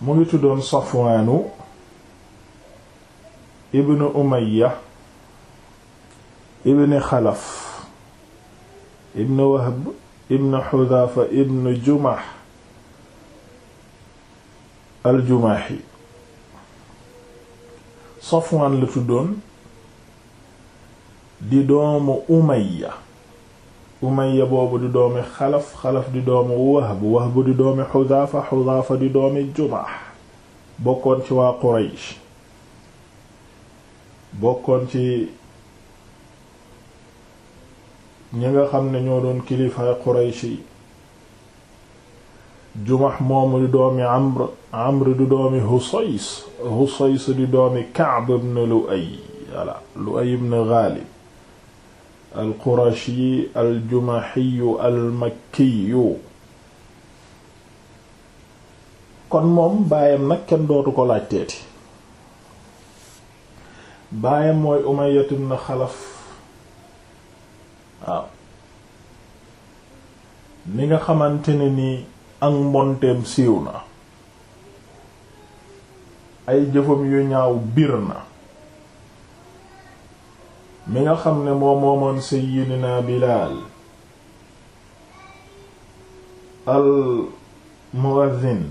mu ngi tuddoon Safwaanu ibnu Umayya ibni Xalaf ibn Wahb ibn Xudaafa ibn Jumah al-Jumahi Safwaan la tuddoon di doomu Umayya Umayya boobu di doomi Xalaf Xalaf di doomi Wahb Wahb di doomi Xudaafa Xudaafa di doomi Jumah bokkoon ci waa Quraysh bokkoon ci ñi nga xam ne ñoo doon kilifaay Quraysh yi Jumah moomu di doomi Amr Amr di doomi Husays Husays di doomi Ka'b ibn Lu'ay Ghalib alqurashi aljumahiyu almakkiyu kon moom baayam nag kenn dootu ko laaj teeti baayam mooy umayyat ibn xalaf waaw ni nga xamante ne nii ak mbonteem siiw na ay jëfam yu ñaaw bir na mi nga xam ne moo moomoon seyyidina Bilaal al muwazzin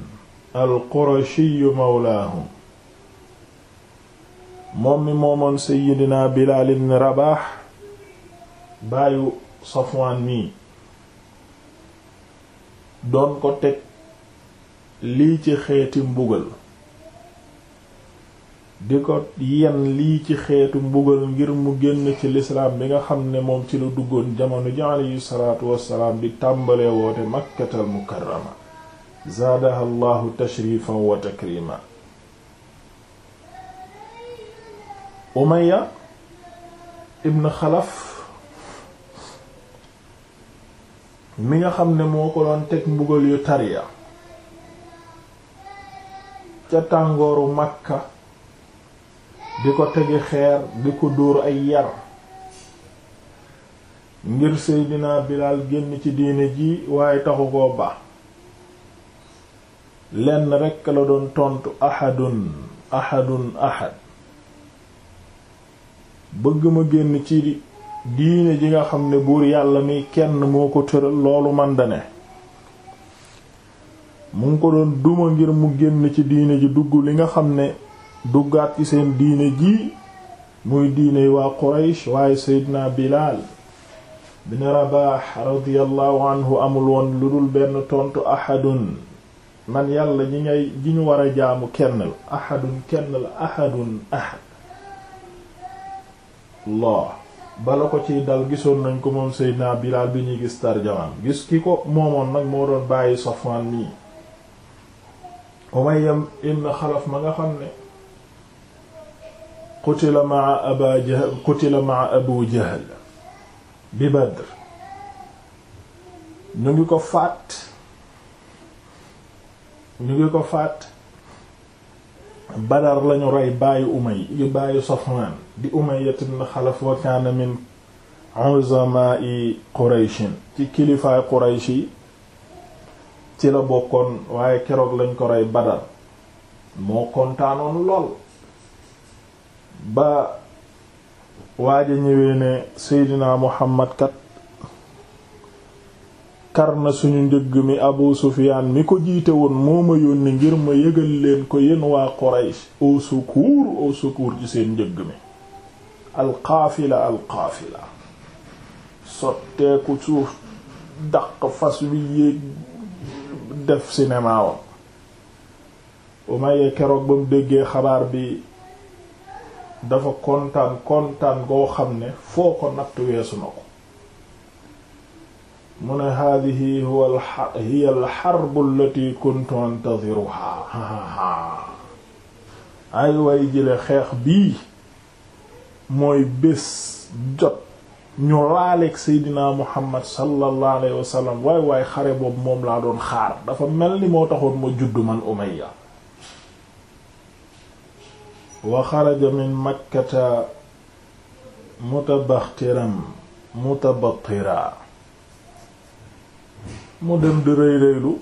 mawlaahum moom mi moomoon seyyidina Bilaal ibn Rabaax baayu Safwaan mi doon ko teg lii ci xeeti mbugal di ko yenn lii ci xeetu mbugal ngir mu génn ci lislaam bi nga xam ne moom ci la duggoon jamono ji aleyhi salaatu wassalaam di tàmbalee woote makkatal mukarrama zaadaha allahu tashrifan wa takrima umaya ibn xalaf mi nga xam ne moo ko doon teg mbugal yu tariya ca tàngooru makka di ko tege xeer bi ko dóor ay yar ngir Seydina Bilaal génn ci diine ji waaye taxu koo ba lenn rekk la doon tontu ahadun ahadun ahad bëgg ma génn ci diine ji nga xam ne buur yàlla mi kenn moo ko tëral loolu man mu ngi ko doon duma ngir mu génn ci diine ji dugg li nga xam ne duggaat ci seen diine ji muy diine waa Quraysh waaye Seydina Bilaal bin Rabaax anhu amul woon lu benn tontu ahadun man yàlla ñi ngay ji ñu war a jaamu kenn la ahadun kenn la ahadun ahad Allah bala ko ciy dal gisoon nañ ko moom Seydina Bilaal bi ñuy gis tarjamaan gis ki ko moomoon nag moo doon bàyyi Safwaan nii Umayya ibn Xalaf ma nga xam ne qutila ma'a abu jahl bi badr ñu ngi ko faat ñu ngi ko faat badar lañu rey baayu umay yu baayu safwaan di umayyat ibn xalaf wa kaana min uzamaa'i qurayshin ci kilifaay quraysh ci la bokkoon waaye keroog lañ ko rey badar moo kontaanoon lool ba waaja ñëwee ne seydina muhammad kat kar na suñu njëgg mi abu sufiyaan mi ko jiite woon moo ma yónni ngir ma yëgal leen ko yéen waa quraysh au secours au secours ci seen njëgg mi alqaafila alqaafila sotteeku suuf daq fas wi yéeg def cinéma wam Umayya keroog ba déggee xabaar bi dafa kontaan kontaan goo xam ne foo ko natt weesu na ko mu ne hadihi huwa hiya alxarbu allati kuntu antadiruha ay way jële xeex bii mooy bés jot ñu laaleeg seydina muhammad sallallahu alayhi wa sallam waay waay xare boobu moom laa doon xaar dafa mel ni moo taxoon ma judd man umayya wa xaraja min makkata mutabaxtiran mutabattiraa mu dem di rëy rëylu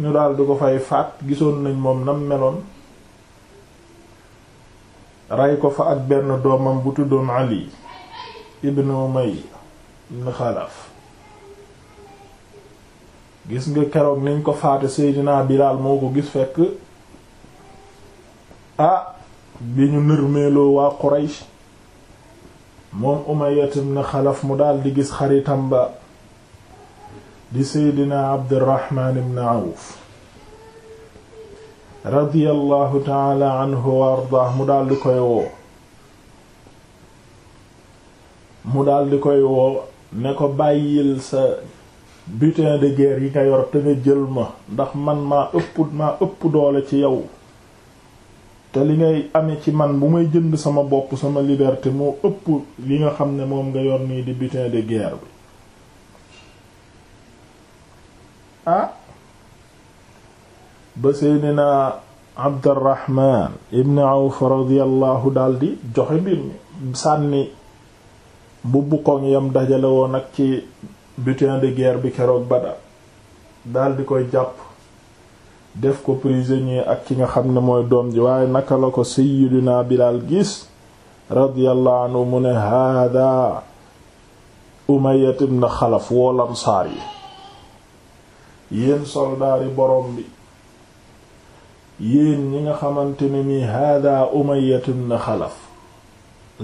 ñu daal di ko fay faat gisoon nañ moom nam meloon rey ko fa ak benn doomam bu tuddoon Ali ibn Umay ibn Xalaf gis nga keroog niñ ko faate Seydina Bilaal moo ko gis fekk ah bi ñu nërmeeloo waa Quraysh moom Umayya ibn Xalaf mu daldi gis xaritam ba di Seydina Abdurrahman ibn Awf taala anhu wa ardaah mu daal di koy woo ne ko bàyyil sa butin de guerre yi nga yor te nga jël ma ndax man maa ëpp doole ci yow te li ngay amee ci man bu may jënd sama bopp sama liberté moo ëpp li nga xam ne moom nga yoon nii di butin de guerre bi ah ba seydina abdarrahman ibn awf radiallahu daldi joxe mbir mi sànni mbubbu koŋ yam dajale woon ak ci butin de guerre bi keroog Badar daldi koy jàpp def ko prisonnier ak ki nga xam ne mooy doom ji waaye naka la ko sayyidina Bilaal gis radiyallahu mu ne hada Umayyat ibn Xalaf wal Ansaar yi yéen soldaari boroom bi yéen ñi nga xamante ne ni hada Umayyat ibn Xalaf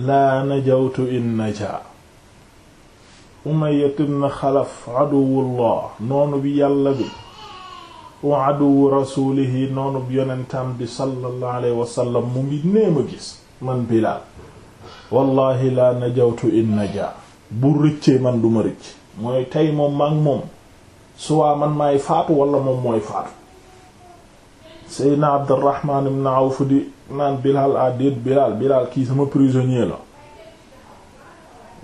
laa najawtu in najaa Umayyat ibn Xalaf aduwullah noonu bi yàlla bi wa aduwu rasulihi noonub yonentam bi sallallahu alayhi wa sallam mu ngi néem a gis man Bilaal wallahi la najawtu in naja bu rëccee man duma rëcc mooy tey moom maak moom suwaa man maay faatu wala moom mooy faatu Seydina Abdurrahman ibn Awf di naan Bilaal àddeet ah, Bilaal Bilaal kii sama prisonnier la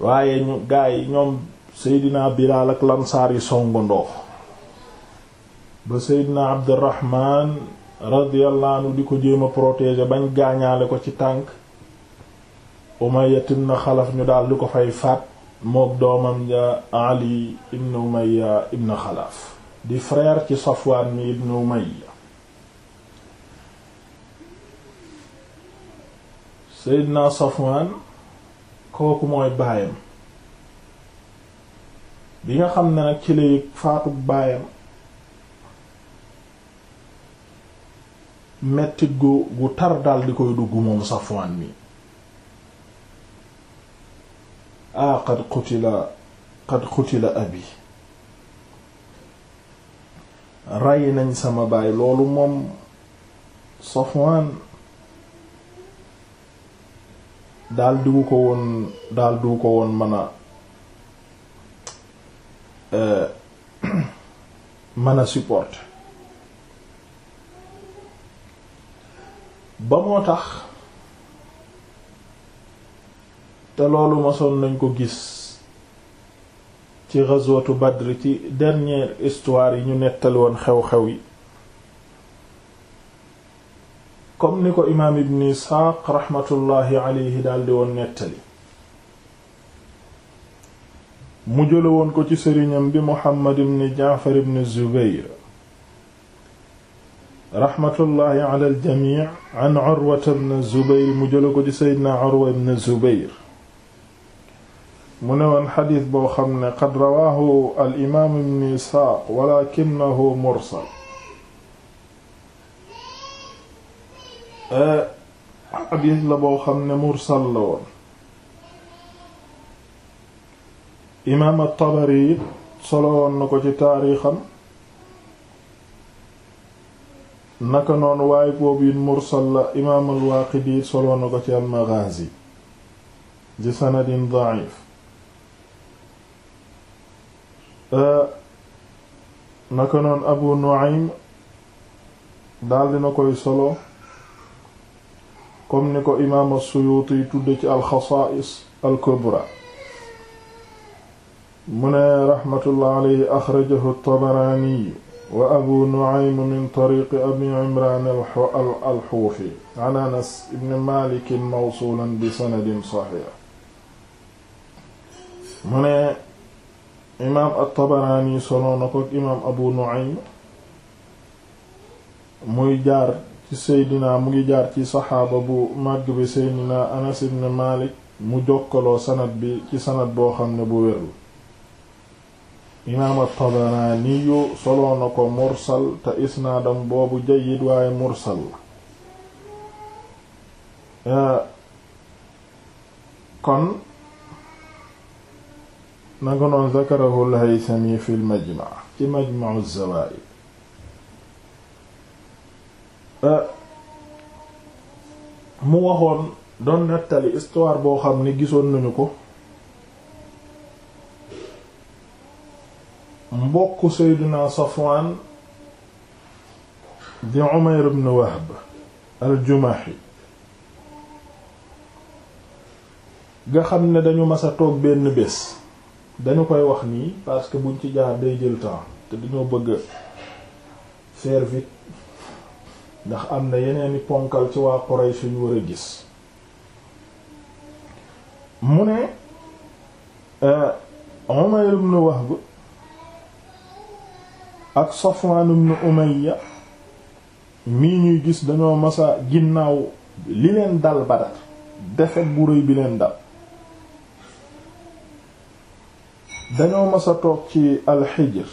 waaye ñu gaa ñoom Seydina Bilaal ak lansaar yi songandoo ba seydna abdirahman radiyallahu anhu di ko jéem a protéger bañ gaañaale ko ci tànk Umayya ibn Xalaf ñu daal di ko fay faat mook doomam ja Ali ibn Umayya ibn Xalaf di frère ci Safwaan mi ibn Umayya Seydina Safwaan kooku mooy baayam bi nga xam na nag ci la yëg faatu baayam mettit gu gu tar dal di koy dugg moom Safwaan mi ah qad qutila qad qutila abi rey nañ sama baay loolu moom Safwaan daal diwu ko woon daal diwu ko woon mën a eh, mën a supporter ba moo tax te loolu mosoon nañ ko gis ci ghazwatu Badr ci dernière histoire yi ñu nettali woon xew-xew yi comme ni ko imaam Ibn Isxaaq raxmatullaahi alayhi daldi woon nettali mu jële woon ko ci sëriñam bi Muhammad ibn Jaafar ibn Zubayr raxmatullahi ala aljamic an Urwata bn Zubayr mu jëla ko ci seydna Urwa bn Zubayr mu ne woon xadis boo xam ne qad rawaahu alimaam ibn Isxaaq walakinahu mursal eh, xadis la boo xam ne mursal la woon imaam at-Tabari solo woon na ko ci taarixam naka noonu waaye boobu it mursal la imaam al-Waaqidi soloo na ko ci al-Maghaazi di sanadin da'if eh, naka noonu Abu Nu'aym daal dina koy solo comme ni ko imaam as-Suyuuti tudde ci al-Xasaa'is al-Kubra mu ne raxmatullah alayhi axrajahu at wa abu nu'aym min tariiqi abi imraan al-xuufi an anas ibn maalik mawsuulan bi sanadin saxiix mu ne imaam at-tabaraani solo na imaam abu nu'aym muy jaar ci seydina mu ngi jaar ci saxaaba bu màgg bi seydina anas ibn maalik mu jokkaloo sanad bi ci sanad boo xam ne bu wér imaam at-Tabaraani soloo na ko mursal te isnaadam boobu jayyid waaye mursal eh, kon nanga noon zakarahu al fi al ci Majma' az-Zawaa'id eh, mu waxoon doon nettali histoire boo xam ne gisoon nañu ko mbokk Seydina Safwan di Umayr ibn Wahb al-Jumahi nga xam ne dañu masa toog benn bés dañu koy wax nii parce que buñ ci jaar day jël temps te dañoo bëgg faire ndax am na yeneeni ponkal ci waa Quraysh ñu war a gis mu ne euh, Umayr ibn Wahb ak Safwan ibn Umayya mii ñuy gis dañoo masa ginnaaw li leen dal Badar defet bu rëy bi leen dal dañoo masa toog ci alxijir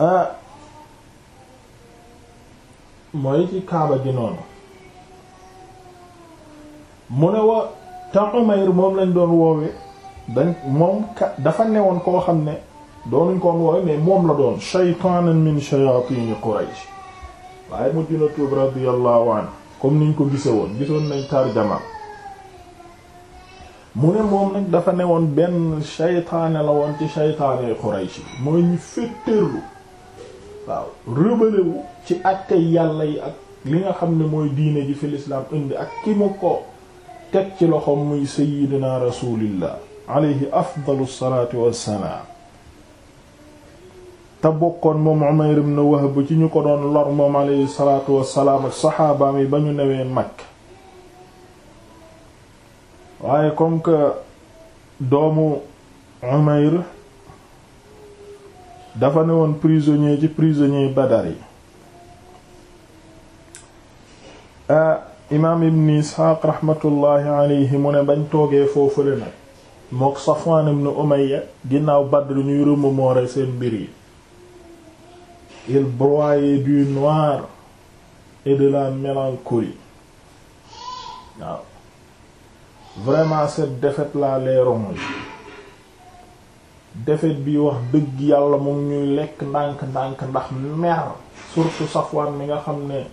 ah mooy ci kaaba gi noonu mu ne wa te Umayr moom lañ doon woowe dañ moom ka dafa newoon koo xam ne doonuñ ko woowe ne moom la doon shaytaanan min shayaatini Quraysh waaye mujj na tuub radiyallahu anhu comme niñ ko gise woon gisoon nañ tarjama mu ne moom nag dafa newoon benn shaytaane la woon ci shaytaane Quraysh bi mooy ñu féttërlu waaw rebelle ci àtte yàlla yi ak li nga xam ne mooy diine ji fi l'islam indi ak ki mu ko teg ci loxoom muy sayyidina rasulillah alayhi afdalu salaatu wassalaam te bokkoon moom Umayr ibn Wahb ci ñu ko doon lor moom alayhi salaatu wassalaam ak saxaabaam yi ba ñu newee Makka waaye comme que doomu Umayr dafa newoon prisonnier ci prisonnier Badar yi ah, imaam ibn Isxaaq raxmatullaahi mu ne bañ toogee foofule nag mook Safwan ibn Umayya ginnaaw Badr ñuy remémorer seen mbir yi il broyait du noir et de la mélancolie waaw vraiment cette défaite là les ronge défaite bi wax dëgg yàlla moom ñuy lekk ndànk-ndànk ndax mer surtout Safwan mi nga xam ne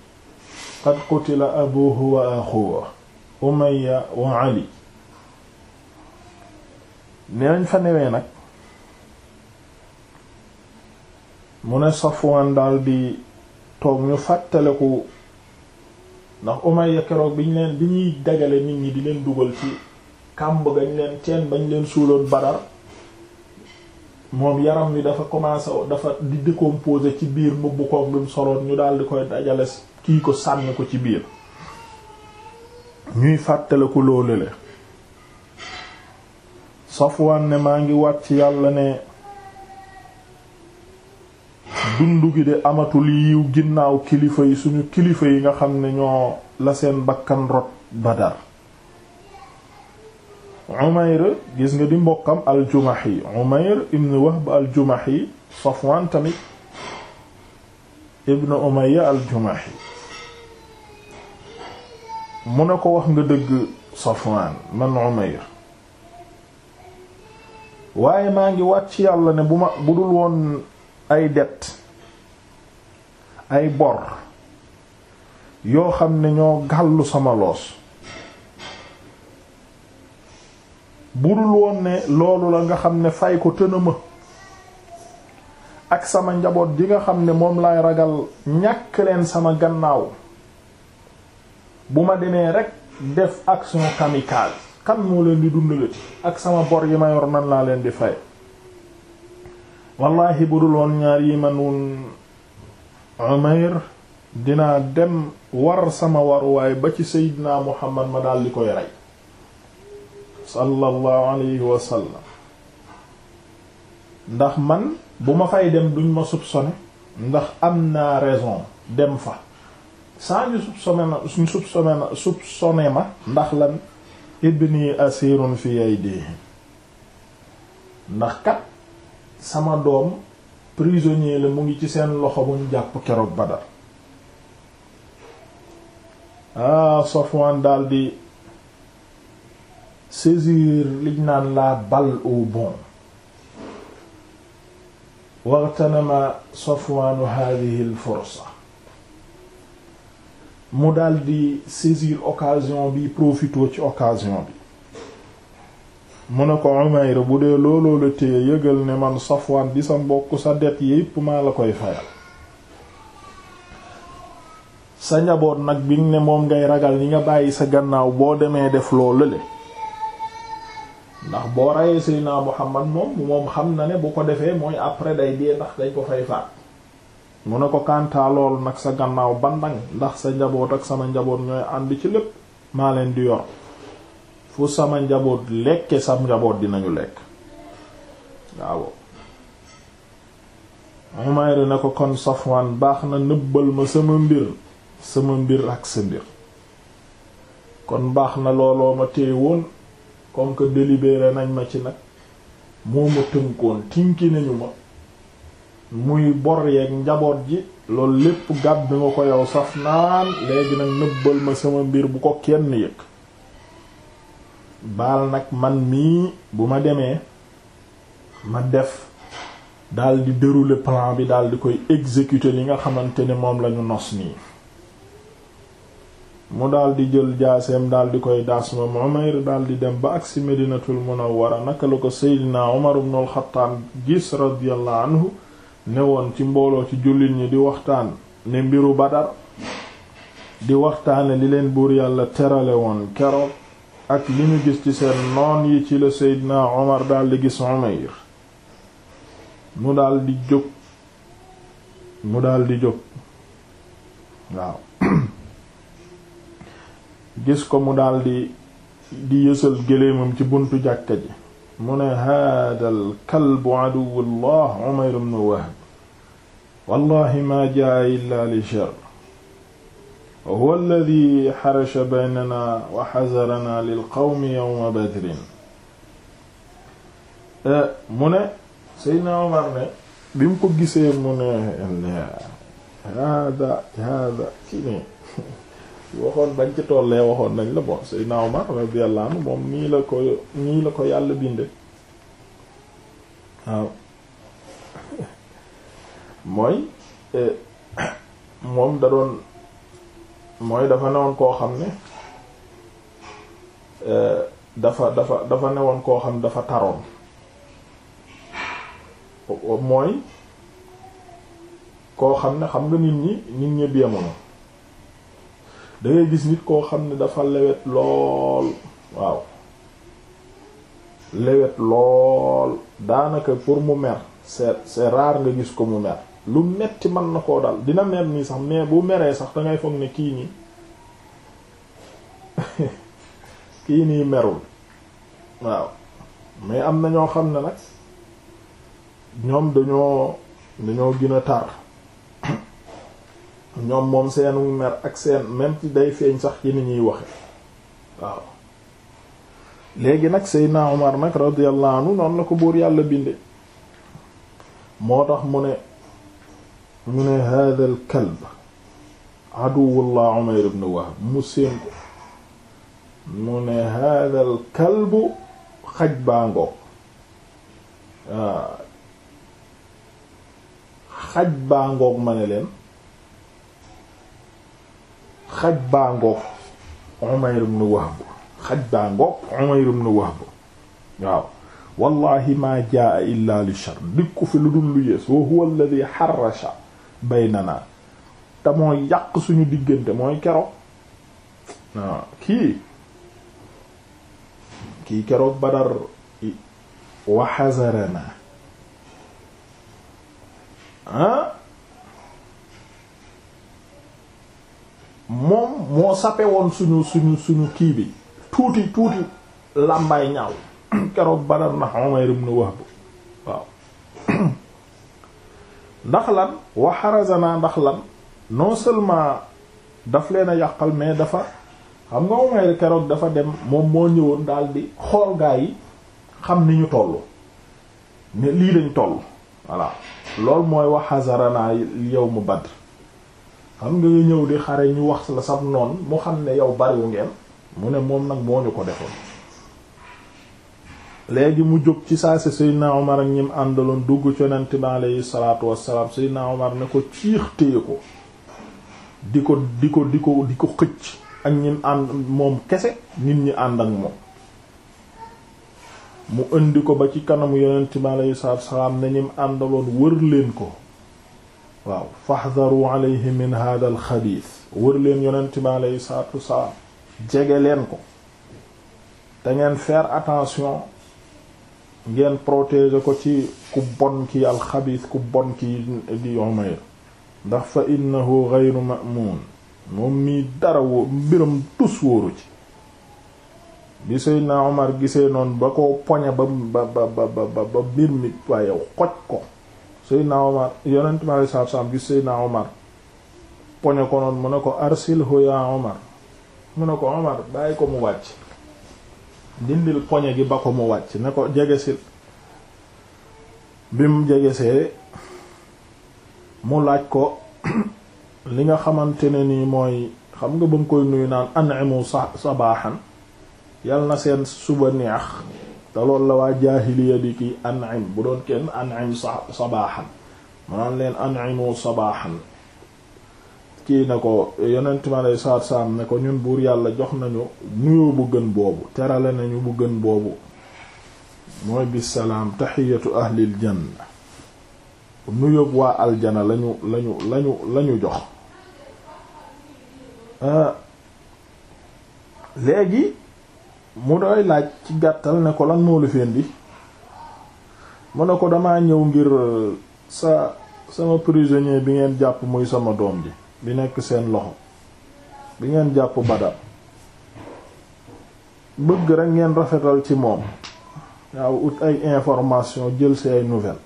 qad qutila abuhu wa axuhu Umayya wa Ali neenañ fa newee nag mu ne Safwan daal di toog ñu fàttaleku ndax Umayya keroog bi ñu leen bi ñuy dagale nit ñi di leen dugal ci kàmb gañ leen teen bañ leen suuloon Badar moom yaram wi dafa commencé dafa di décomposer ci biir mbubb koog bi mu soloon ñu daal di koy dajale kii ko sànni ko ci biir ñuy fàttaleku loolu le Safwaan ne maa ngi wàcc yàlla ne dund gi de amatul yiw ginnaaw kilifa yi suñu kilifa yi nga xam ne ñoo la seen bakkan ba Badar Umayr gis nga di mbokkam al-Jumahi Umayr ibn Wahb al-Jumahi Safwan tamit ibn Umayya al-Jumahi mu ne ko wax nga dëgg Safwan man Umayr waaye maa ngi wàcc ci yàlla ne bu ma bu dul woon ay det ay bor yoo xam ne ñoo gàllu sama loos bu dul woon ne loolu la nga xam ne fay ko tëna ma ak sama njaboot ji nga xam ne moom laay ragal ñàkk leen sama gannaaw bu ma demee rekk def action kamikaze kan moo leen di dundalati ak sama bor yi ma yor nan laa leen di fay wallahi bu dul woon ñaar yi man wun dinaa dem war sama waruwaay ba ci Seydina Muhammad ma daal di koy rey sallallahu alayhi wa ndax man bu ma fay dem duñ ma soupçonné ndax am naa raison dem fa sans ñu soupçonné na ma ndax lan ibni asirun fi aydihim ndax kat sama doom prisonnier la mu ngi ci seen loxo buñ jàpp keroog Badar ah Safwan daldi saisir liñ naan la balle au bond wagtanama Safwanu hadhihi al fursa mu daldi saisir occasion bi profitoo ci occasion bi mu ne ko Umayr bu dee looloo la téye yëgal ne man Safwan di sa mbokk sa det yi yépp maa la koy fayal sa njaboot nag bi ne moom ngay ragal ñi nga bàyyi sa gannaaw boo demee def loo lële ndax boo rayee Seydina Muhammad moom moom xam na ne bu ko defee mooy après day dee ndax dañ ko fay faat mu ne ko kantaa loolu nag sa gannaaw bandang ndax sa njaboot ak sama njaboot ñooy ànd ci lépp maa leen di yor fu sama njaboot lekke sa njaboot dinañu lekk waaw Umayr ne ko kon Safwan baax na nëbbal ma sama mbir sama mbir ak sa mbir kon baax na looloo ma téye woon comme que délibéré nañ ma ci nag moo ma tënkoon tinki nañu ma muy bor yeeg njaboot ji loolu lépp gàdd nga ko yow saf naan léegi nag nëbbal ma sama mbir bu ko kenn yëg baal nag man mii bu ma demee ma def daldi dërule plan bi daldi koy exécuter li nga xamante ni moom lañu nos nii mu daldi jël jaaseem daldi koy daas ma Umayr daldi dem ba agsi Medinatul Munawwara naka la ko Seydina Umar ibn al-Khattab gis radiyallahu anhu newoon ci mbooloo ci jullit ñi di waxtaan ne mbiru Badar di waxtaane li leen buur yàlla terale woon keroog ak li ñu gis ci seen noon yi ci la Seydina Omar daldi gis mu daldi jóg mu daldi jóg waaw gis ko mu daldi di yësal géléemam ci buntu jàkka ji mu ne hada alkalbu aduwu llah umayr ibn wahb wallahi ma jaa illa li sharr wa huwa alladi xarasha baynana wa xazaranaa lilqawmi yowma badrin eh, mu ne Seydina Omar ne bi mu ko gisee mu ne hada hada kii ne waxoon bañ ci tollee waxoon nañ la bon Seydina Omar radiyallahu anhu moom nii la ko nii la ko yàlla binde waaw mooy moom da doon mooy dafa newoon koo xam ne dafa dafa dafa newoon koo xam ne dafa taroon mooy koo xam ne xam nga nit ñi nit ñi yemoon dangay gis nit koo xam ne dafa lewet lool waaw lewet lool daanaka pour mu mer c'est c'est rare nga gis ko mu mer lu metti man na koo dal dina mer nii sax mais bu meree sax dangay foog ne kii nii kii nii merul waaw mais am na ñoo xam ne nag ñoom dañoo dañoo gën a tar ñoom moom seenu mer ak seen même day feeñ sax ci ni ñuy waxe waaw léegi nag Seydina Omar nag radiyallahu anhu noonu la ko buur yàlla binde moo tax mu ne mu ne hadha al kalb aduwullah Umayr ibn Wahb mu séen ko mu ne hadha al xaj baa ngoog ah. xaj baa ngoog ma ne leen xaj baa ngoog Umayr ibn Wahb xaj baa ngoog Umayr ibn Wahb waaw wallahi maa jaa illa li shar dikku fi lu dul lu yées wa huwa alladhi harrasha baynana te moo yàq suñu diggante mooy keroog waaw kii kii keroog Badar wa hazarana ah moom moo sape woon suñu suñu suñu kii bi tuuti tuuti làmbaay ñaaw keroog Badar ndax Umayr ibn Wahb waaw ndax lan wa harazana ndax lan non seulement daf leen a yàqal mais dafa xam nga Umayr keroog dafa dem moom moo ñëwoon daal di xool gaa yi xam ni ñu toll ne lii lañ toll voilà loolu mooy wa harazana yawmu Badr xam nga ñëw di xare ñu wax la sam noon mu xam ne yow bariwu ngeen mu ne moom nag moo ñu ko defoon léegi mu jóg ci saa si Seydina Omar ak ñim àndaloon dugg ci yonent bi aleyhi salaatu wassalaam Seydina Omar ne ko ciix téye ko di ko di ko di ko di ko xëcc ak ñim ànd moom kese nit ñi ànd ak moom mu indi ko ba ci kanamu yonent bi aleyhi salaatu wassalaam ne ñim àndaloon wër leen ko waaw faxdaru alayhi min hada al xabiis wër leen yonent bi alayhi salaatu jege leen ko te ngeen faire attention ngeen protéger ko ci ku bon ki al xabiis ku bon ki di Umayr ndax fa innahu ghayru ma'mun moom mii dara woo mbiram tus wóoru ci bi Seydina Omar gisee noonu ba ko poñe ba ba ba ba ba mbir mi waaye xoj ko Seydina Omar yonent ma lay saab saab gis Seydina Omar poñe ko noonu mu ne ko arsilhu ya Omar mu ne ko Omar bàyyi ko mu wàcc dindil poñe gi ba ko mu wàcc ne ko jegesil bi mu jegesee mu laaj ko li nga xamante ne nii mooy xam nga ba mu koy nuyu naan an'imu sa sabaaxan yal na seen suba neex te loolu la waa jaahiliya di ki an'im bu doon kenn an'im sabaaxan mu naan leen an'imu sabaaxan kii na ko yonent ma lay saat saam ne ko ñun buur yàlla jox nañu nuyoo gën boobu terale nañu bu gën boobu mooy bisalaam taxiyatu ahlil janna nuyoo waa aljana lañu lañu lañu lañu jox ah. léegi mu doy laaj ci gàttal ne ko lan moo la feen bi mu ko damaa ñëw ngir uh, sa sama prisonnier bi ngeen jàpp muy sama doom ji bi nekk seen loxo bi ngeen jàpp Badar bëgg rek ngeen rafetal ci moom waaw ut ay information jël ci ay nouvelles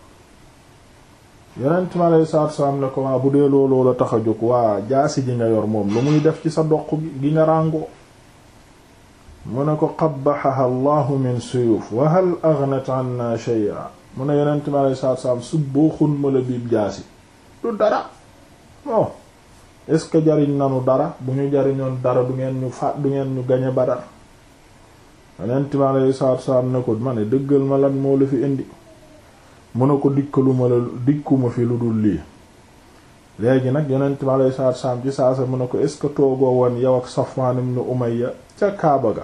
yonent mi aleyhi salaatu salaam ne ko waa bu dee looloo la tax a jóg waa jaasi ji nga yor moom lu muy def ci sa doq gi nga ràngoo mu ne ko qabbaxaha allahu min suyuf wa hal aghnat anna shay'a mu ne yonent mi alei saatu salaam subboo ma la biib jaasi du dara bon oh. est-ce que jariñ nanu dara bu ñu jariñoon dara du ngeen ñu faat du ngeen ñu gañe Badar yonent mi alei saatu salaam ne ko ma ne dëggal ma lan moo la fi indi mun ne ko dikkalu ma la dikkuma fi lu dul lii léegi nag yonent mi alei saatu salaam ci saasa mu ne ko est-ce que toogoo woon yow ak Safwan ibn Umayya ca Kaaba ga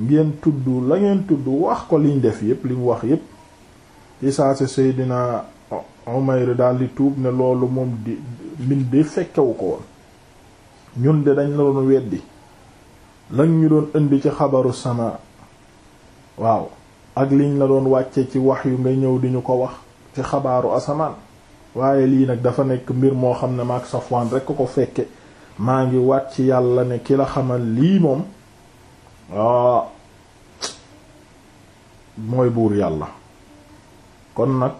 ngeen tudd la ngeen tudd wax ko liñ def yépp li mu wax yépp ci saa si Seydina Umayr daldi tuub ne loolu moom di mbindee fekkewu ko woon ñun de dañ la doon weddi lañ ñu doon indi ci xabaru sama waaw ak liñ la doon wàcce ci wax yu nga ñëw di ñu ko wax ci xabaaru asamaan waaye lii nag dafa nekk mbir moo xam ne maak Safwaan rekk ko fekke maa ngi wàcc yàlla ne ki la xamal lii moom waaw ah, mooy buur yàlla kon nag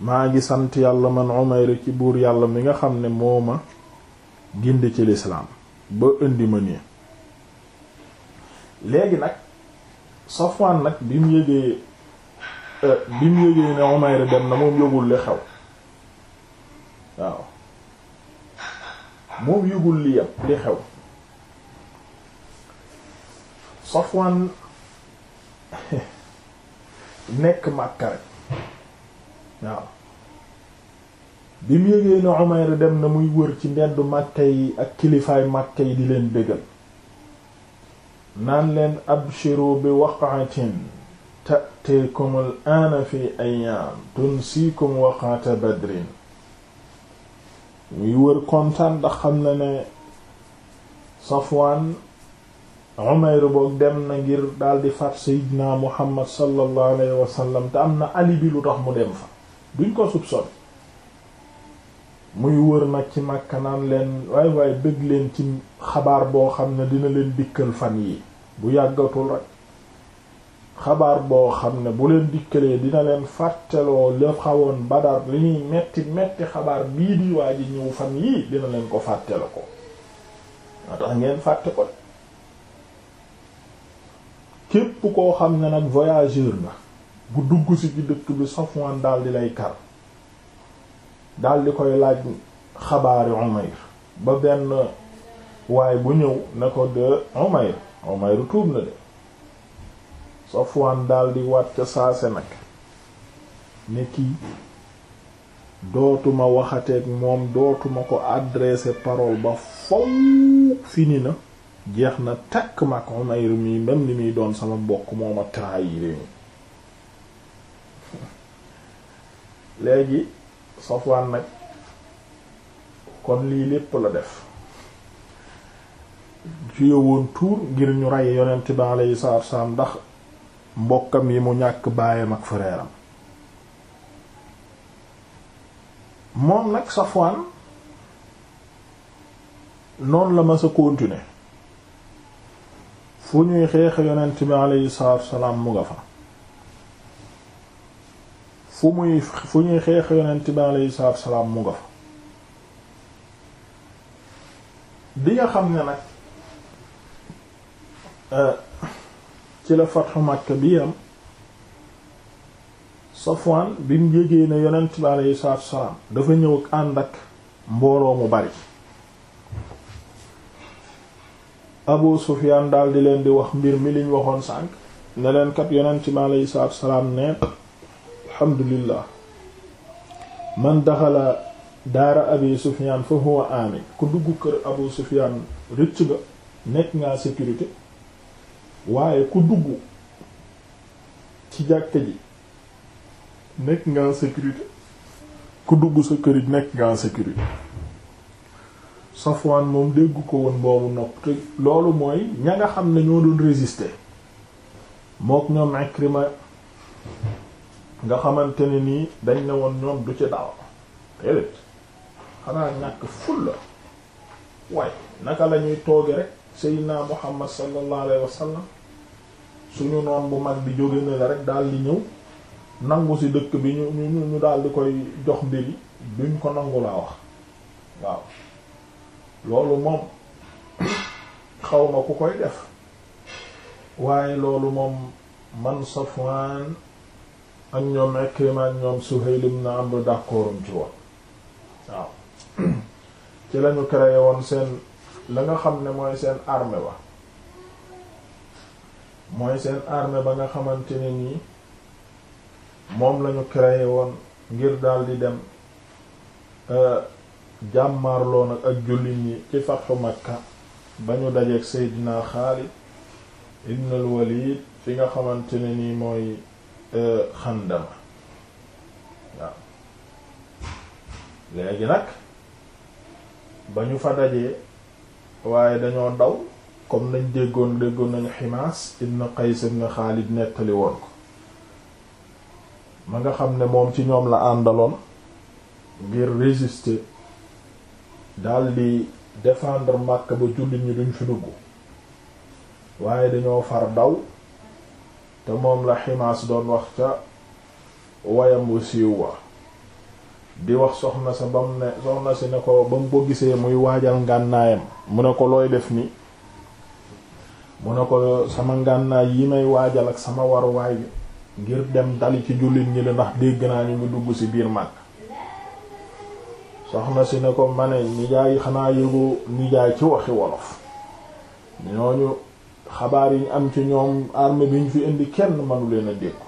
maa ngi sant yàlla man Umayr ci buur yàlla mi nga xam ne moo ma gindi ci lislaam ba indi ma nii léegi nag Safwan nag bi mu yëgee eh, bi mu yëgee ne Umayr dem na moom yëgul li xew waaw moom yëgul li yëpp li xew Safwan nekk Makka waaw bi mu yëgee dem na muy wër ci ndendu Makka yi ak kilifaay Makka yi di leen bégal naan leen abshiru bi waqatin ta'tikum al-ana fi ayyam tunsikum waqata badrin muy wër kontaan ndax na ne Safwan Umayr boog dem na ngir daldi fat Seydina Muhammad sallallahu alayhi wa sallam na ali bi mu dem fa duñ ko soupçonné muy wër nag ci Makka leen waay leen ci xabaar boo xam ne dina leen dikkal fan yi bu yàggatul rek xabaar boo xam ne bu leen dikkalee dina leen fàttaloo la xawoon Badar li ñuy metti metti xabaar bii di waa ji ñëw fan yii dina leen ko fàttale ko moo tax ngeen fàtte ko képp koo xam ne nag voyageur nga bu dugg si ci dëkk bi Safwan daal di lay kar daal di koy laaj xabaari Umayr ba benn waaye bu ñëw ne ko de Umayr Umayr tuub na de Safwan daal di waat ca saase nag ne kii dootuma waxateeg moom dootuma ko adresser parole ba faw fini na jeex na takk mag Umayr mi même li muy doon sama mbokk moo ma trahir léegi Safwaan nag kon lii lépp la def ci yowoon tuur ngir ñu rey yonent bi alayhi salaatu wassalaam ndax mbokkam yi mu ñàkk baayam ak frère moom nag Safwaan noonu la ma sa continuer fu ñuy xeexe yonent bi aleyhi salaatu wasalaam mu nga fa fu muy fu ñuy xeexe yonent bi aleyhi salaatu wasalaam mu nga fa bi nga xam ne nag euh, ci la fatxu Makka bi am Safwaan bi mu yégee ne yonent bi aleyhi salaatu wasalaam dafa ñëw ànd ak mbooloo mu bari Abu Sufyaan daal di leen di wax mbir mi liñ waxoon sànq ne leen kat yonent mi aleyhi salaatu wa salaam ne alhamdulillah man daxala daara Abi Sufyaan fa huwa aamin ku dugg kër Abu Sufyaan rëcc nga nekk ngaa sécurité waaye ku dugg ci jàkka ji nekk nga sécurité ku dugg sa kër yi nekk ngaa sécurité Safwan moom dégg ko woon boobu nopp te loolu mooy ña nga xam ne ñoo doon résister mook ñoom Ikrima nga xamante ne nii dañ ne woon ñoom du ci daaw déedéet xanaa ñàkk ful la waaye naka la ñuy tooge rek Seydina Muhammad sallallahu alayhi wa suñu noon bu mag bi jóge na la rek daal di ñëw nangu si dëkk bi ñu ñu ñu daal di koy jox mbir yi duñ ko nangu laa wax waaw loolu moom xawma ku koy def waaye loolu moom man Safwan ak ñoom Ikrima ak ñoom na ibn Amr d'accordum ci woon waaw ci lañu créé woon seen la nga xam ne mooy seen armée ba mooy seen armée ba nga xamante nii moom lañu créé woon ngir daldi dem euh, jàmmarloon ak ak jullit ñi ci fatxu makka ba ñu dajeeg seydina xaalid ibn al walid fi nga xamante ni nii mooy euh, xandama waaw léegi nag ba ñu fa dajee waaye dañoo daw comme nañ déggoon déggoon nañu ximaas ibn qays ibn xaalid nettali woon ko ma nga xam ne moom ci ñoom la àndaloon ngir résister daldi défendre Makka ba jullit ñi duñ fi dugg waaye dañoo far daw te moom la Himaas doon wax ca wayam wu siiw wa di wax soxna sa bam ne soxna si ne ko ba mu ko gisee muy waajal ngànnaayam mu ne ko looy def ni mu ne ko sama ngànnaay yi may waajal ak sama waruwaay ngir dem dali ci jullit ñi la ndax dégg naa ñu mu dugg ci biir màkk soxna si ne ko ma ne nijaay xanaa yëgu nijaay ci waxi wolof ñooñu xabaar yi ñu am ci ñoom armée bi ñu fi indi kenn manu leen a dékku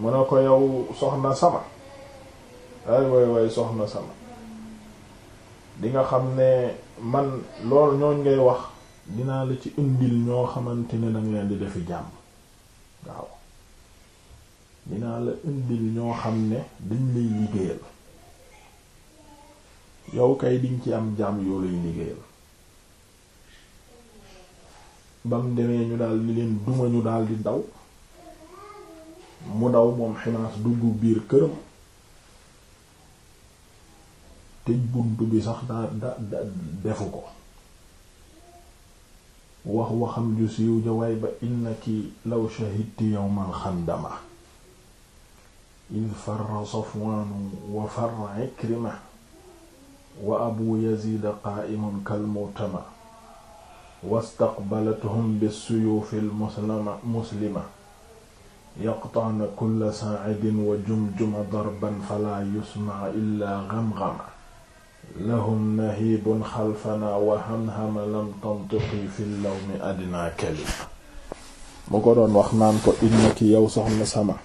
mu ne ko yow soxna sama ay way way soxna sama dinga xam ne man lool ñooñ ngay wax dinaa la ci indil ñoo xamante ne danga leen di defi jàmm waaw dinaa la indil ñoo xam ne dañ lay liggéeyal yow kay diñ ci am jaam yoo lay liggéeyal bam demee ñu daal di leen duma ñu daal di daw mu daw moom Himaas dugg biir këram tëj buntu bi sax daa da defu ko wax waxam ju siiw ja waay ba innaki law shahidti yawmal xandama il farra Safwaanu wa farra Ikrima wa abu yazid qa'imun kal mutama wastaqbalathum bis-suyufi al-muslima muslima yaqta'na kulla sa'idin wa jumjuma darban fala yusma illa ghamghama lahum nahibun xalfanaa wa hamhama lam tantiqi fil lawmi adnaa kalima mu ko doon wax naan ko innaki yow soxna sama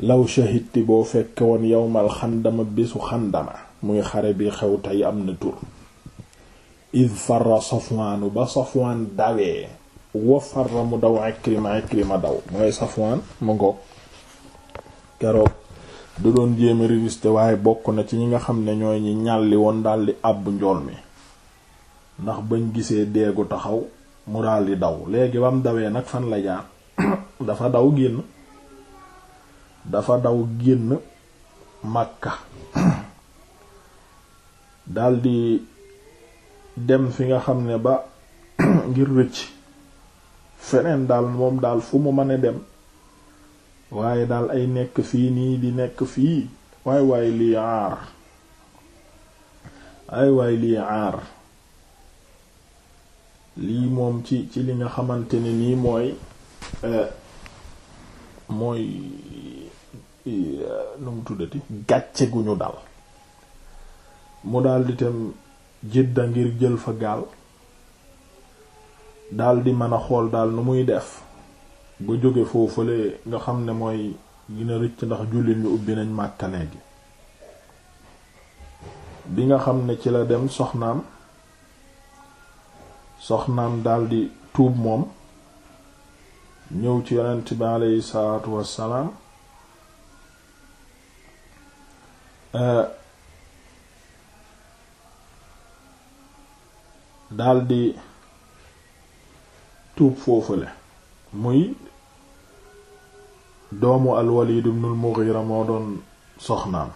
law shahidti boo fekke woon yowmal xandama bésu xandama muy xare bi xew tey am na tur id farra safwaanu ba safwaan dawee wa farra mu daw Ikrima Ikrima daw mooy safwaan mu ngoog keroog da doon jéem a waaye bokk na ci ñi nga xam ne ñooy ñi ñàlli woon daldi àbb njool mi ndax bañ gisee deegu taxaw mu daldi daw léegi bam dawee nag fan la jaar dafa daw génn dafa daw génn Makka daldi dem fi nga xam ne ba ngir rëcc feneen daal moom daal fu mu mën a dem waaye daal ay nekk fii nii di nekk fii waay waay lii aar ay waay lii aar lii moom ci ci li nga xamante ne nii mooy euh, mooy euh, nu mu tuddati gàcce gu ñu dal mu daldi dem jidda ngir jël fa gaal daldi mën a xool daal nu muy def ba jóge foofule nga xam ne mooy dina rëcc ndax jullit ñu ubbi nañ Màkka léegi bi nga xam ne ci la dem soxnaam soxnaam daldi tuub moom ñëw ci yonent bi aleyhi salaatu wassalaam euh, daldi tuub la muy doomu al-Walid ibn al moo doon soxnaam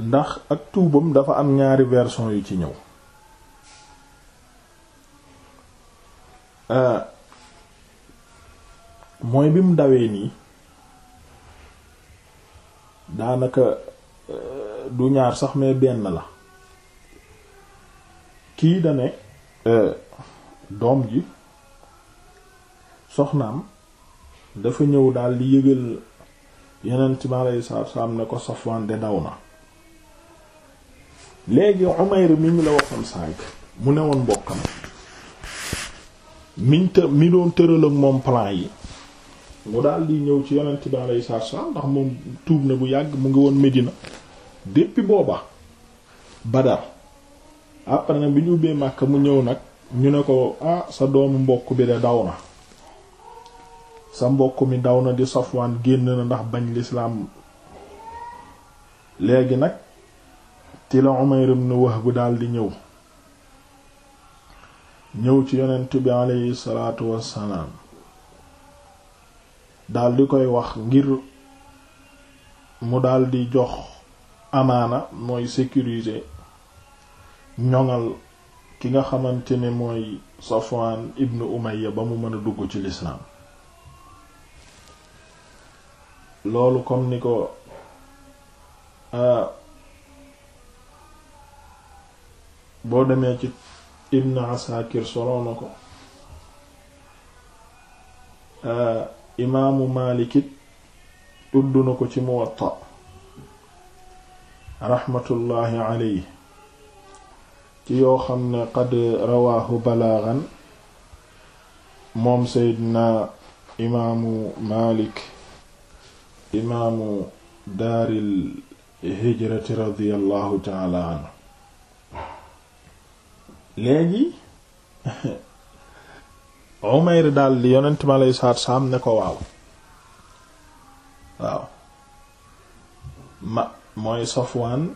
ndax ak tuubam dafa am ñaari version yu ci ñëw euh, mooy bi mu dawee nii daanaka euh, du ñaar sax mais benn la kii da euh, doom ji soxnaam dafa ñëw daal di yëgal yeneen ci alayhi salaatu salaam ne ko Safwan de daw na léegi Umayr mi ñu la waxoon sànq mu ne woon mbokkam miñ të mi doon tëral ak moom plan yi mu daal di ñëw ci yonent bi alayhi salaatu salaam ndax moom tuub na bu yàgg mu ngi woon Medina depuis booba Badar après nag bi ñu ubbee Makka mu ñëw nag ñu ne ko ah sa doomu mbokk bi de daw na sa mbokk mi daw na di Safwaan génn na ndax bañ lislaam léegi nag ci la Umayr ibn Wahb daldi ñëw ñëw ci yonent bi aleyhi salaatu wassalaam daldi koy wax ngir mu daldi jox amaana mooy sécurisé ñoŋal ki nga xamante ne mooy Safwan ibnu Umayya ba mu mën a dugg ci lislaam loolu comme ni ko boo demee ci Ibn Asakir soloo ko imaamu Maalik it ko ci Muwatta raxmatullaahi alayhi ci yoo xam ne qad rawaahu balaagan moom seydina imaamu Maalik imaamu daaril hijrati radiyallahu taala anhu léegi Umayr daldi yonent ma ne ko waaw ma mooy Safwan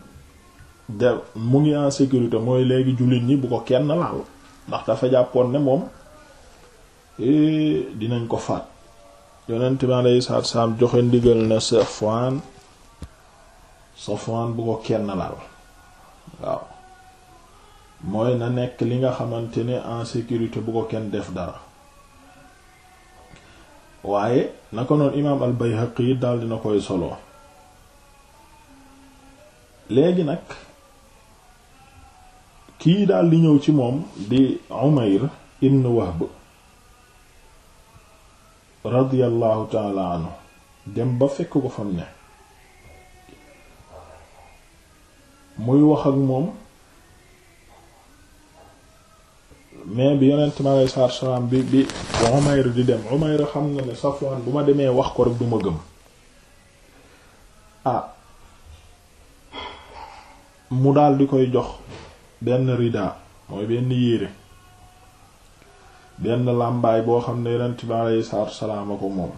de mu ngi en sécurité mooy léegi jullit ñi bu ko kenn laal ndax dafa jàppoon ne moom eh, dinañ ko faat yonent bi alayhi salaatu salaam joxe ndigal na Safwan Safwan bu ko kenn laal waaw mooy na nekk li nga xamante ne en sécurité bu ko kenn def dara waaye na ko noonu imaam al yi daldi dina koy solo léegi nag kii daal di ñëw ci moom di Umayr ibn Wahb radiyallahu taala dem ba fekk ko fam ne muy wax ak moom mais bi yonent mi alei salaatu salaam bi bi Umayr di dem Umayr xam na ne Safwan bu ma demee wax ko rek du ma gëm ah, mu daal di koy jox benn rida mooy benn yére benn làmbaay boo xam ne yonent bi aleyhi salaatu salaam ko moom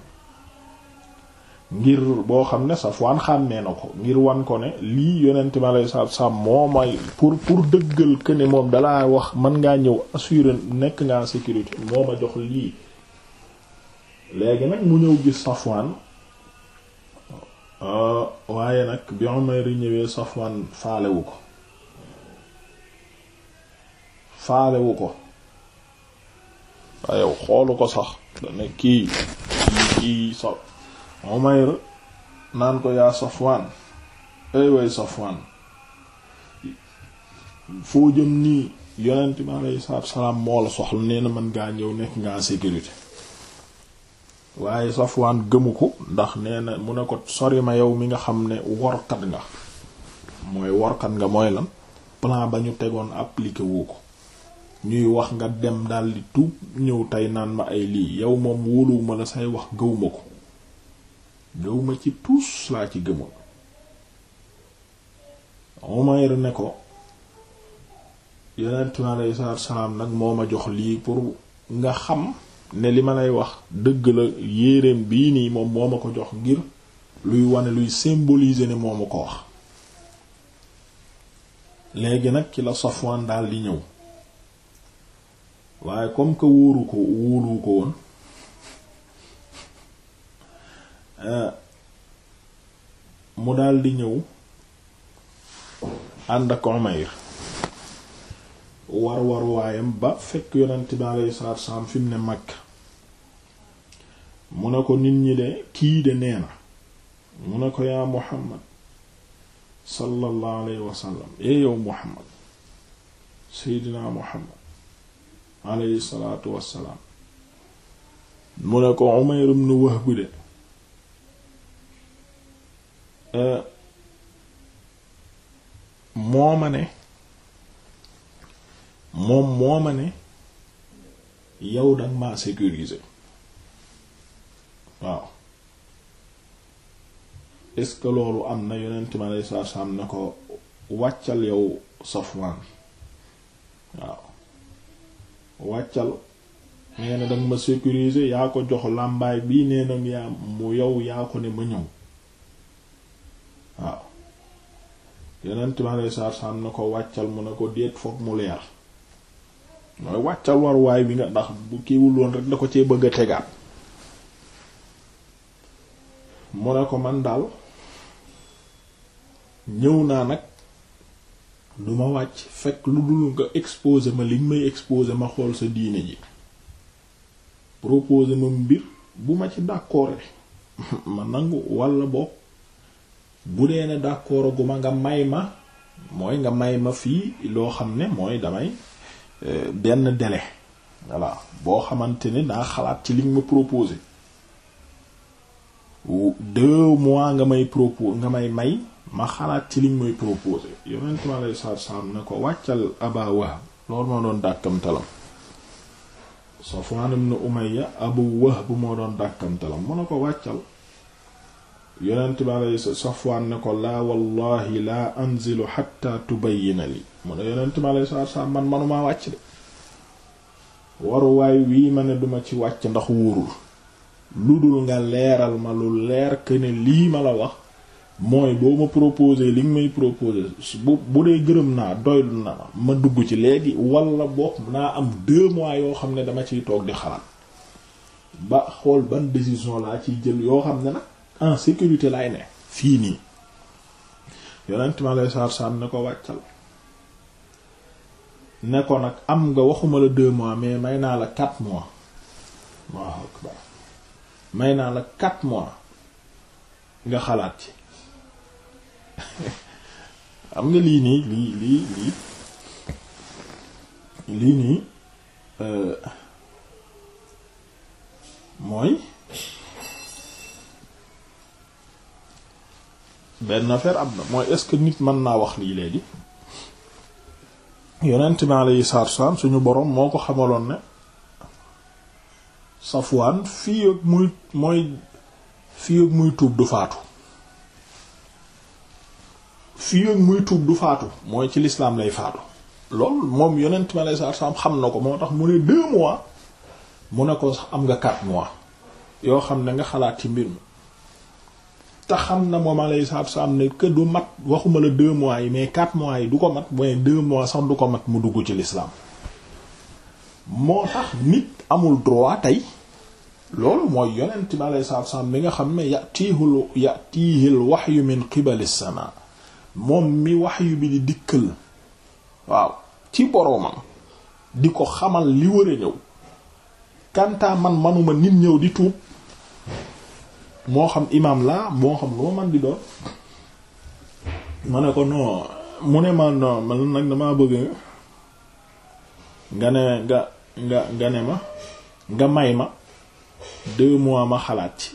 ngir boo xam ne Safwaan xàmmee na ko ngir wan ko ne lii yonent bi aleyhi salaatu salaam moo may pour pour dëggal que ne moom dalaa wax man ngaa ñëw assurer nekk nga sécurité moo ma jox lii léegi nag mu ñëw gis Safwaan Ah, waaye nag bi Umayr ñëwee Safwan faalewu ko faalewu ko waaye xoolu ko sax dana kii kii so Umayr naan ko yaa Safwan ay way Safwan foo jëm nii yonent bi aleyhi salaatu salaam moo la soxla nee mën ngaa ñëw nekk ngaa sécurité waaye Safwaan gëmu ko ndax nee na mu ne ko sori ma yow mi nga xam ne workat nga mooy workat nga mooy lan plan ba ñu tegoon appliqué ko ñuy wax nga dem daldi tuub ñëw tey naan ma ay lii yow moom wóoluwuma la say wax gëw ma ko gëw ma ci tuus laa ci gëmoon Umayr ne ko yonent mi alayhi salaam nag moo ma jox lii pour nga xam ne li ma lay wax dëgg la yéreem bii nii moom moo ma ko jox ngir luy wane luy symboliser ne moo ma ko wax léegi nag ci la Safwan daal di ñëw waaye comme que wóoru ko wóolu ko woon euh, mu daal di ñëw ànd ak Umayr war waruwaayam ba fekk yonent bi alayhi salaatu salaam fi mu ne Makka mu ne ko nit ñi de kii de nee na mu ne ko yaa Muhammad sallallahu alayhi wa ee eh yow Muhammad seydinaa Muhammad alayhi salaatu wassalaam mu ne ko Umayr ibn Wahb de eh, moo ma ne moom moo ma ne yow danga ma sécuriser waaw est-ce que loolu am na yonent ma lay saa saam ne ko wàccal yow Safwan waaw wàccal nee danga ma sécuriser yaa ko jox làmbaay bii nee yaa mu yow yaa ko ne ma ñëw waaw yeneen ma lay saa saam ne ko wàccal mu ne ko déet foog mu leer mooy wàccal waruwaay bi nga ndax bu kiiwul woon rek da ko cee bëgg a tegaat mu ne ko man daal ñëw naa nag duma wàcc fekk lu dul nga exposé ma liñ may exposé ma xool sa diine ji proposé ma mbir bu ma ci d'accord ma nangu walla bokk bu dee ne d'accord gu ma nga may ma mooy nga may ma fii loo xam ne mooy damay benn délai voilà boo xamante ne daa xalaat ci li nga ma proposé deux mois nga may propos may may ma xalaat ci li nga may proposé yonent mi alayhi salaatu salaam ko wàccal Aba Wahb loolu moo doon dàkkamtalam Safwan ibn Umayya Abu Wahb moo doon dàkkamtalam mu ne ko wàccal yonent bi alay Safwaan ne ko laa wallahi laa anzilu xatta tubayina li mu ne yonent bi alay Safwaan man manumaa wàcc de waruwaay wii ma ne duma ci wàcc ndax wóorul lu dul nga leeral ma lu leer que ne lii ma la wax mooy boo ma proposé li nga may proposé bu bu dee gërëm naa doylu na ma ma dugg ci léegi wala boog naa am deux mois yoo xam ne dama ciy toog di xalaat ba xool ban décision laa ciy jël yoo xam ne nag en sécurité lay ne fii nii yonent mi alayhi salaatu salaam ne ko wàccal ne ko nag am nga waxuma la deux mois mais may naa la quatre mois Allahu naa la quatre mois nga xalaat ci am nga lii nii lii lii lii nii euh, mooy benn affaire am na mooy est-ce que nit mën naa wax lii léegi yonent bi alayhi salaatu wassalaam suñu borom moo ko xamaloon ne Safwaan fii ak muy mooy fii ak muy tuub du faatu fii ak muy tuub du faatu mooy ci lislaam lay faatu loolu moom yonent bi alayhi salaatu wassalaam xam na ko moo tax mu ne deux mois mu ne ko sax am nga quatre mois yoo xam ne nga xalaat ci mbir mi te xam na moom alayhi salaatu salaam ne que du mat waxuma la deux mois yi mais quatre mois yi du ko mat mooy deux mois sax du ko mat mu dugg ci l'islam moo tax nit amul droit tey loolu mooy yonent bi alayhi salaatu salaam mi nga xam ne yatihul yatihil wahyu min qibali sama moom mi wahyu bi di dikkal waaw ci boroomam di ko xamal li war a ñëw kantaa man manuma nit ñëw di tuub moo xam imam la moo xam loo man di doon ma ne ko non mu ne ma non man nag damaa bëgg nga ne nga nga ne ma nga may ma deux mois ma xalaat ci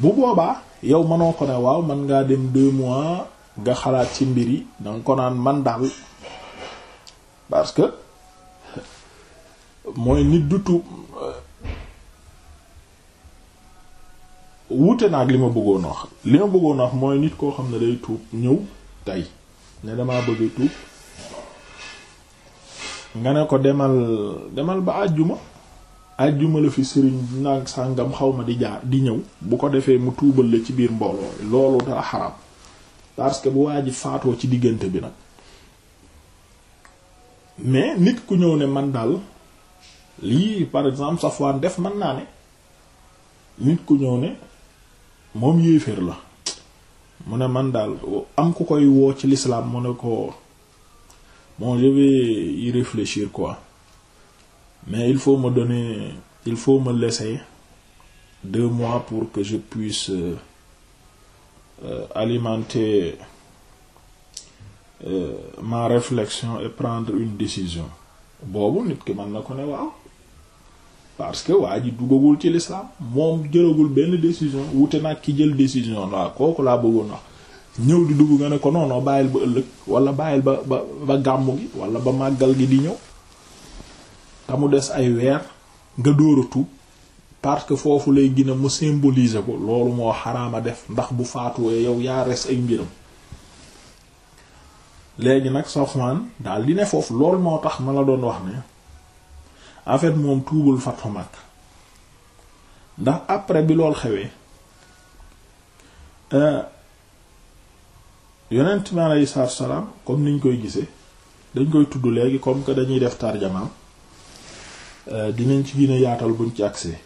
bu boobaa yow manoo ko ne waaw man ngaa dem deux mois nga xalaat ci mbir yi danga ko naan man daal parce que mooy nit du tuub wuute naag li ma bëggoo wax li ma bëggoon wax mooy nit koo xam ne day tuub ñëw tey ne damaa bëgg tuub nga ne ko demal demal ba àjjuma àjjuma la fi sëriñ naag sàngam xaw ma di jaar di ñëw bu ko defee mu tuubal la ci biir mbooloo loolu daa xaraam parce que bu waa ji faatoo ci diggante bi nag mais nit ku ñëw ne man daal lii par exemple Safwaan def man naa ne nit ku ñëw ne moom yéeféer la mu ne man daal am ku koy woo ci l'islam mu ne ko bon je vais réfléchir quoi mais il faut ma donner il faut me laisser deux mois pour que je puisse euh, euh, alimenter ma réflexion et prendre une décision boobu nit ki mën na ko ne waaw parce que waa ji duggagul ci l'islam moom jëlagul benn décision wute nag ki jël décision laa kooku laa bëggoon wax ñëw di dugg nga ne ko non bàyyil ba ëllëg wala bàyyil ba ba ba gàmmu gi wala ba màggal gi di ñëw te mu des ay weer nga door parce que foofu lay gën a mu symboliser ko loolu moo xaraama def ndax bu faatoo yow yaa res ay mbiram léegi nag Safwan daal di ne foofu loolu moo tax ma la doon wax ne. en fait moom tuubul fatxu Makka ndax après bi lool xewee euh, yonent mi aleyhi salaatu salaam comme niñ koy gisee dañ koy tudd léegi comme que dañuy def tarjamaam euh, dinañ ci gën a yaatal buñ ci agsee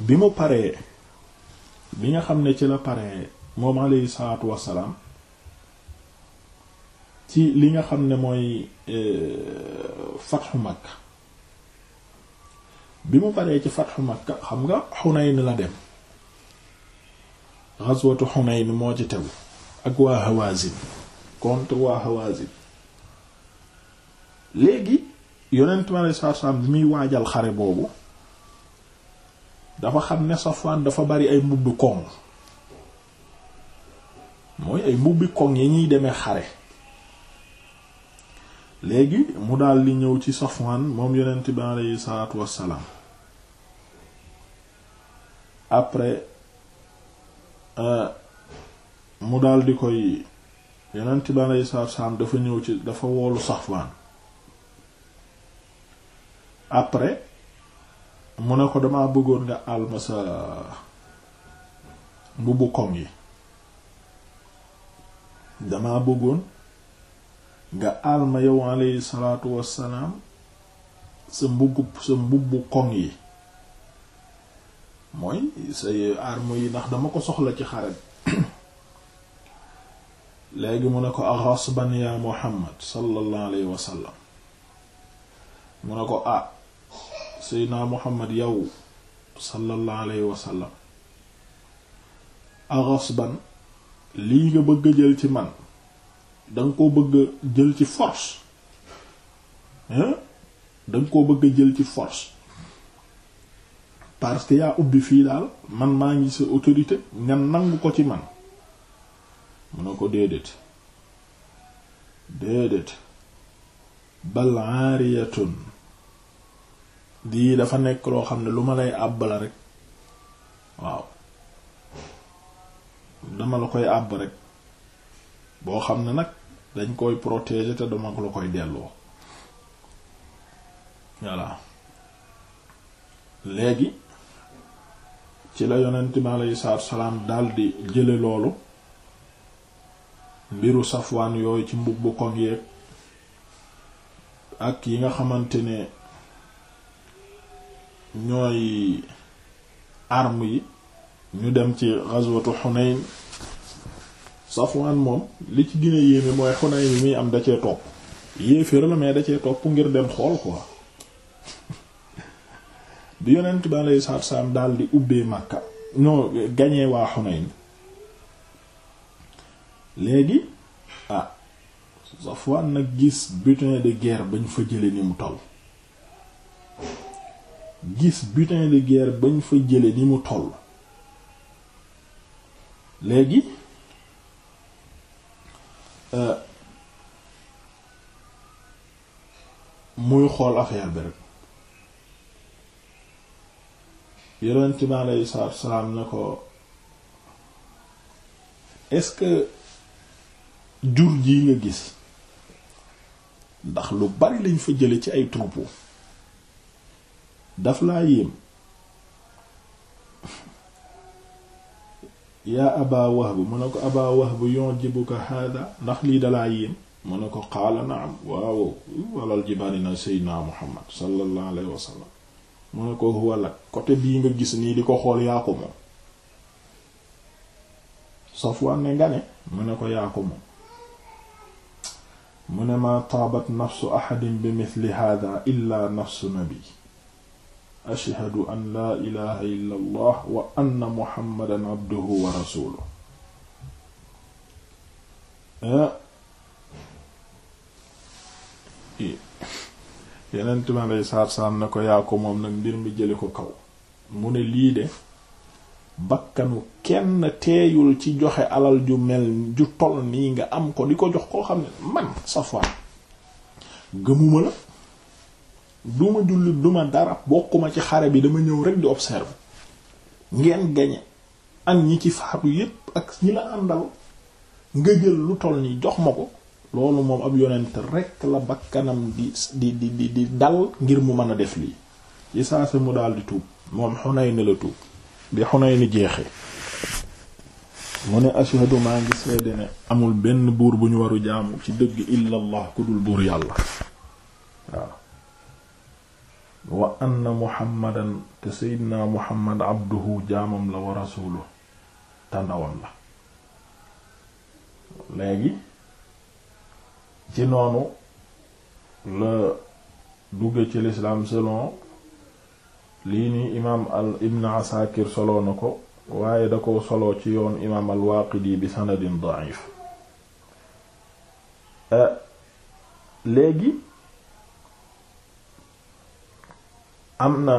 bi mu paree bi nga xam ne ci la paree moom aleyhi salaatu wassalaam ci li nga xam ne mooy euh, fatxu Makka bi mu paree ci fatxu Makka xam nga Xunayn la dem ghazwatu Xunayn moo ci tegu ak waa Hawazin contre waa Hawazin léegi yonent mi alei satu salaam bi muy waajal xare boobu dafa xam ne Safwaan dafa bari ay mbubbi koŋ mooy ay mbubbi koŋ yi ñuy demee xare léegi mu daal di ñëw ci Safwan moom yonent bi aleyhi salaatu wassalaam après euh, mu daal di koy yonent bi aleyhi salaatu wassalaam dafa ñëw ci dafa woolu Safwan après mu ne ko damaa bëggoon nga alma sa mbubbu koŋ yi dama bëggoon nga alma yow alayhi salaatu wassalaam sa mbubbu sa mbubbu koŋ yi mooy sa armo yi ndax dama ko soxla ci xare léegi mu ne ko a ghasban ya muhammad sallallahu wa sallam mu ne ko ah naa muhammad yow sallallahu alayhi wa sallam a lii nga bëgg jël ci man danga ko bëgg jël ci force hein danga ko bëgg jël ci force parce que yaa ubbi fii daal man maa ngi sa autorité nga nangu ko ci man mun na ko déedéet déedéet bal aariyatun dii dafa nekk loo xam ne lu ma lay àbb la rek waaw dama la koy àbb rek boo xam ne nag dañ koy protéger te dama la koy delloo voilà léegi ci la yonent bi aleyhi salaatu di jële loolu mbiru safwaan yooyu ci mbubbu koŋ yeeg ak yi nga xamante ne ñooy arme yi ñu dem ci ghazwatu Hunayn Safwan moom li ci gën a yéeme mooy Hunayn mi muy am da cee topp yéeféer la mais da cee topp ngir dem xool quoi bi yonent bi alayhi salaatu salaam daal di ubbee Makka ñoo gañee waa Hunayn léegi ah Safwan nag gis butin de guerre bañ fa jële ni mu toll gis butin de guerre bañ fa jële ni mu toll léegi Euh, muy xool affaire bi rek yonent mi aleyhi salaatu salaam ne ko est-ce que jur ji nga gis ndax lu bari lañ fa jële ci ay troupeau daf laa yéem yaa aba wahb mu ne ko aba wahb yujibuka hada ndax lii dalaa yéem mu ne ko qaala naam waaw walal ji na seydina muhammad sallallahu alayhi mu ne ko huwa lak côté bii nga gis nii di ko xool yaa ko moom Safwan ne nga ne mu ne ko yaa ko moom mu ne maa taabat nafsu ahadin bi mithli hada illa nafsu nabi ashhadu an laa ilaha illa allah wa anna muhammadan abduhu wa rasuluhu yeneen ma lay saar-saam na ko yaa ko moom nag mbir mi jële ko kaw mu ne lii de bakkanu kenn teeyul ci joxe alal ju mel ju toll nii nga am ko di ko jox koo xam ne man safwaan gëmuma la duma ma jullit du dara bokkuma ci xare bi dama ñëw rek di observe ngeen gañe ak ñi ci faatu yépp ak ñi la àndal nga jël lu toll ni jox ma ko loolu moom ab yonent rek la bakkanam di di dal ngir mu mën a def lii ci saa si mu daal di tuub moom Xunayn la tuub bi Xunayn jeexee mu ne ashhadu maa ngi seede ne amul benn buur bu ñu waru jàmm ci dëgg illa allah ku dul buur yàlla waaw wa anna muhammadan te seydina muhammad abduhu jaamam la wa rasuluhu te ndawam la léegi ci noonu la dugge ci lislaam selon lii nii imaam al ibn asakir soloo na ko waaye da ko soloo ci yoon imaam al waaqidi bi sanadin da'if eh, léegi am na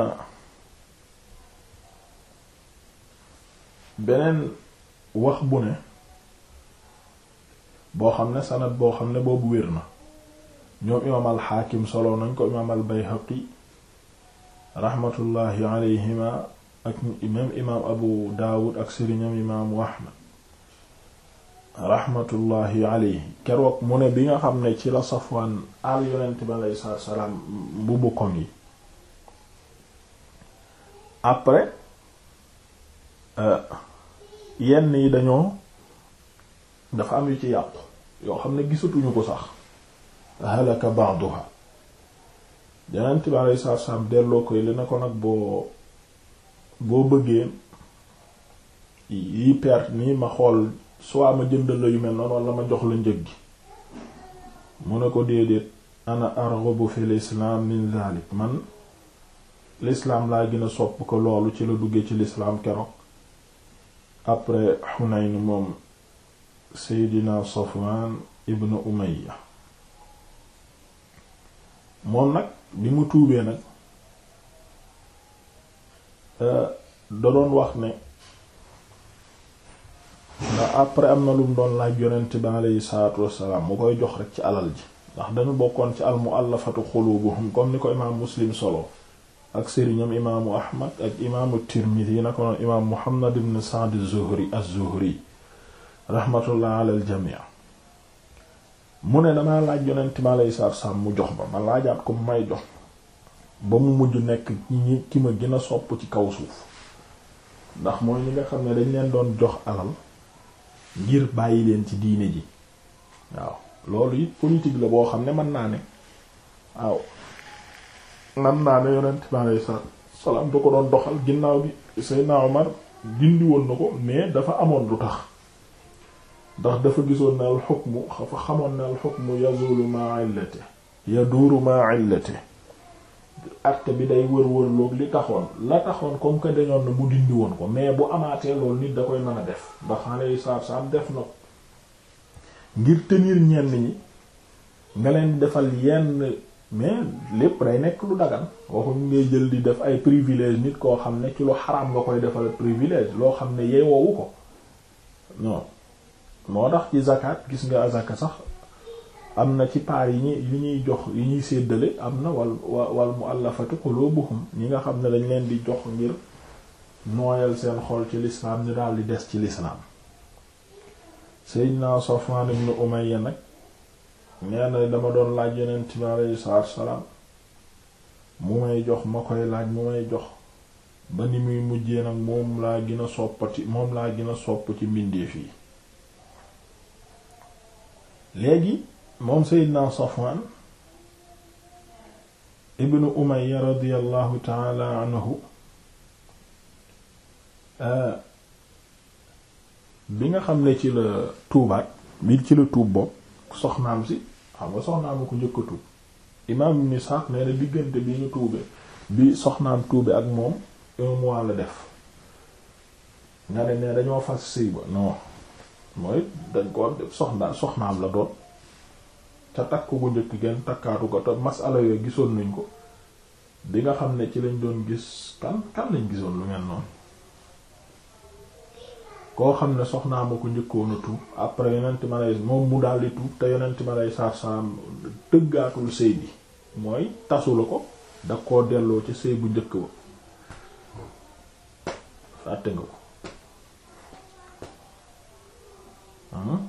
beneen wax bu ne boo xam ne sanad boo xam ne boobu wér na ñoom imaam alxaakim solo nañ ko imaam albayhaqi raxmatullaahi alayhima ak imaam imaam abu daawud ak sëriñam imaamu ahmad raxmatullaahi alayhi keroog mu ne bi nga xam ne ci la safwaan al yonent bi alayhi salaam bu bukkoom yi après euh, yenn yi dañoo dafa am yu ci yàqu yoo xam ne gisatuñu ko sax halaka ba'daha yonent bi alayhi salaatu salaam delloo koy li na ko nag boo boo bëggee yi perte nii ma xool soit ma jënd yu mel noonu wala ma jox la njëg gi mu ne ko déedéet ana arghabu fil islam min zalik man lislaam laa gën a sopp ko loolu ci la duggee ci lislaam keroog après Hunayn moom Seydina Safwan ibn Umayya moom nag bi mu tuubee nag euh, da wax ne ndax après am na lu mu doon laaj yonent bi yi salaatu wassalaam mu koy jox rek ci alal ji ndax dañu bokkoon ci al mu'allafatu xulubuhum comme ni ko imaam Muslim solo ak sëriñam imaamu ahmad ak imaamu tirmidi na ko noon imaam muhammad ibn saad zuhri az-zuhri rahmatullah ala aljamii mu ne damaa laaj yonent ma lay saar saam mu jox ba ma laajaat ko mu may jox ba mu mujj nekk ki ma gën a sopp ci kaw suuf ndax mooy ñi nga xam ne dañ leen doon jox alal ngir bàyyi leen ci diine ji waaw loolu it politique la boo xam ne mën naa ne waaw nam naa ne yonent bi alei salaam da ko doon doxal ginnaaw bi Seydina Omar dindi woon na ko mais dafa amoon lu tax ndax dafa gisoon ne al xukmu xafa xamoon ne al xukmu yazulu ma illate yaduuru ma illate acte bi day wër wër loog li taxoon la taxoon comme que dañoon na mu dindi woon ko mais bu amaatee loolu nit da koy mën a def ndax alayhi salaatu salaam def na ngir tenir ñenn ñi nga leen defal yenn mais lépp day nekk lu dagan waxuñ ngay jël di def ay privilège nit koo xam ne ci lu xaraam nga koy defal privilège loo xam ne yeewoowu ko non moo tax ci zakat gis nga azaka sax am na ci paar yi ñuy ñuy jox yi ñuy séddale am na wal wal mu'allafatu qulubuhum ñi nga xam ne dañ leen di jox ngir nooyal seen xol ci lislaam ñu daal di des ci lislaam Seydina Safwan ibn Umayya nag nee dama doon laaj yonent bi sa salaatu salaam mu may jox ma koy laaj mu may jox ba ni muy mujjee nag moom laa gën a soppati moom laa gën a sopp ci mbindeef yi léegi moom Seydina Safwan ibnu Umayya radiyallahu taala anhu euh, bi nga xam ne ci la tuubaat bi ci la tuub bopp soxnaam si xam nga soxnaam ko njëkk a tuub imaam Ibn Ishaq nee na diggante bi ñu tuube bi soxnaam tuube ak moom un mois la def nga ne ne dañoo fas sëy ba mooy dañ ko def soxna soxnaam la doon ca takk gu njëkk genn takkaatu ko te masala yooyu gisoon nañ ko di nga xam ne ci lañ doon gis kan kan lañ gisoon lu mel noonu koo xam ne soxnaa ma ko njëkkoon a tuub après yonent ma lay moom mu daldi tu te yonent ma lay saar saam tëggaatul sëy bi mooy tasu la ko da koo delloo ci sëy bu njëkk ba fàtte nga ko hmm?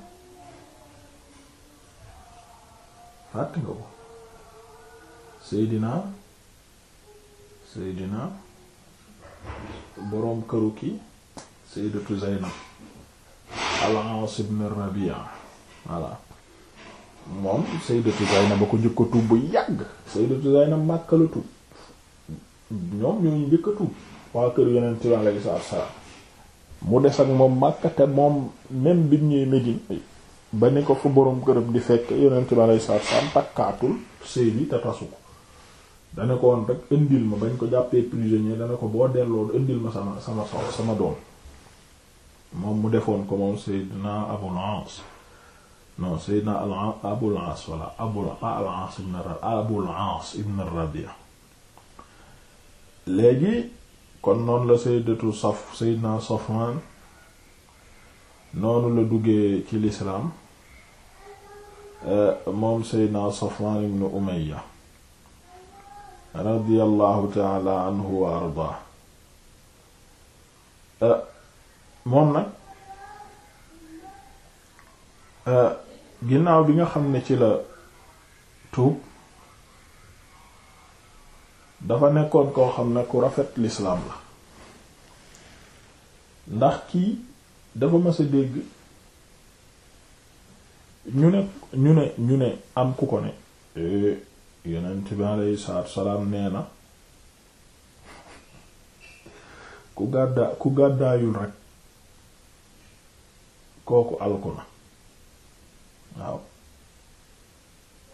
fàtte nga ko Seydina Seydina boroom këru kii sayyidatu Zaynab al-Aas ibn Rabi'a voilà moom sayyidatu Zaynab ba ko njëkk a tuub bu yàgg sayyidatu Zaynab Makka la tuub ñoom ñooñu njëkk a tuub waa kër Yonent bi alayhi salaam mu des ak moom Makka te moom même bit ñuy Medina ba ne ko fa boroom këram di fekk Yonent bi alayhi salaam takkaatul sëy bi te tasu ko dana ko woon rek indil ma bañ ko jàppee prisonnier dana ko boo delloo indil ma sama sama sama doom moom mu defoon ko moom Seydina Abul Aas non Seydina Abul Aas walla Abul Aas ibn Abul Aas ibn Rabi'a léegi kon noonu la Sayyidatu Saf Seydina Safwan noonu la duggee ci lislaam euh, moom Seydina Safwan ibn Umayya radiyallahu ta'ala anhu wa ardaa euh, moom nag euh, ginnaaw bi nga xam ne ci la tuub dafa nekkoon koo xam ne ku rafet lislaam la ndax kii dafa mës a dégg ñu ne ñu ne ñu ne am ku ko ne eh, yonent bi alayhi salaam nee na ku gàddaa ku gàddaayul rek kooku alku na waaw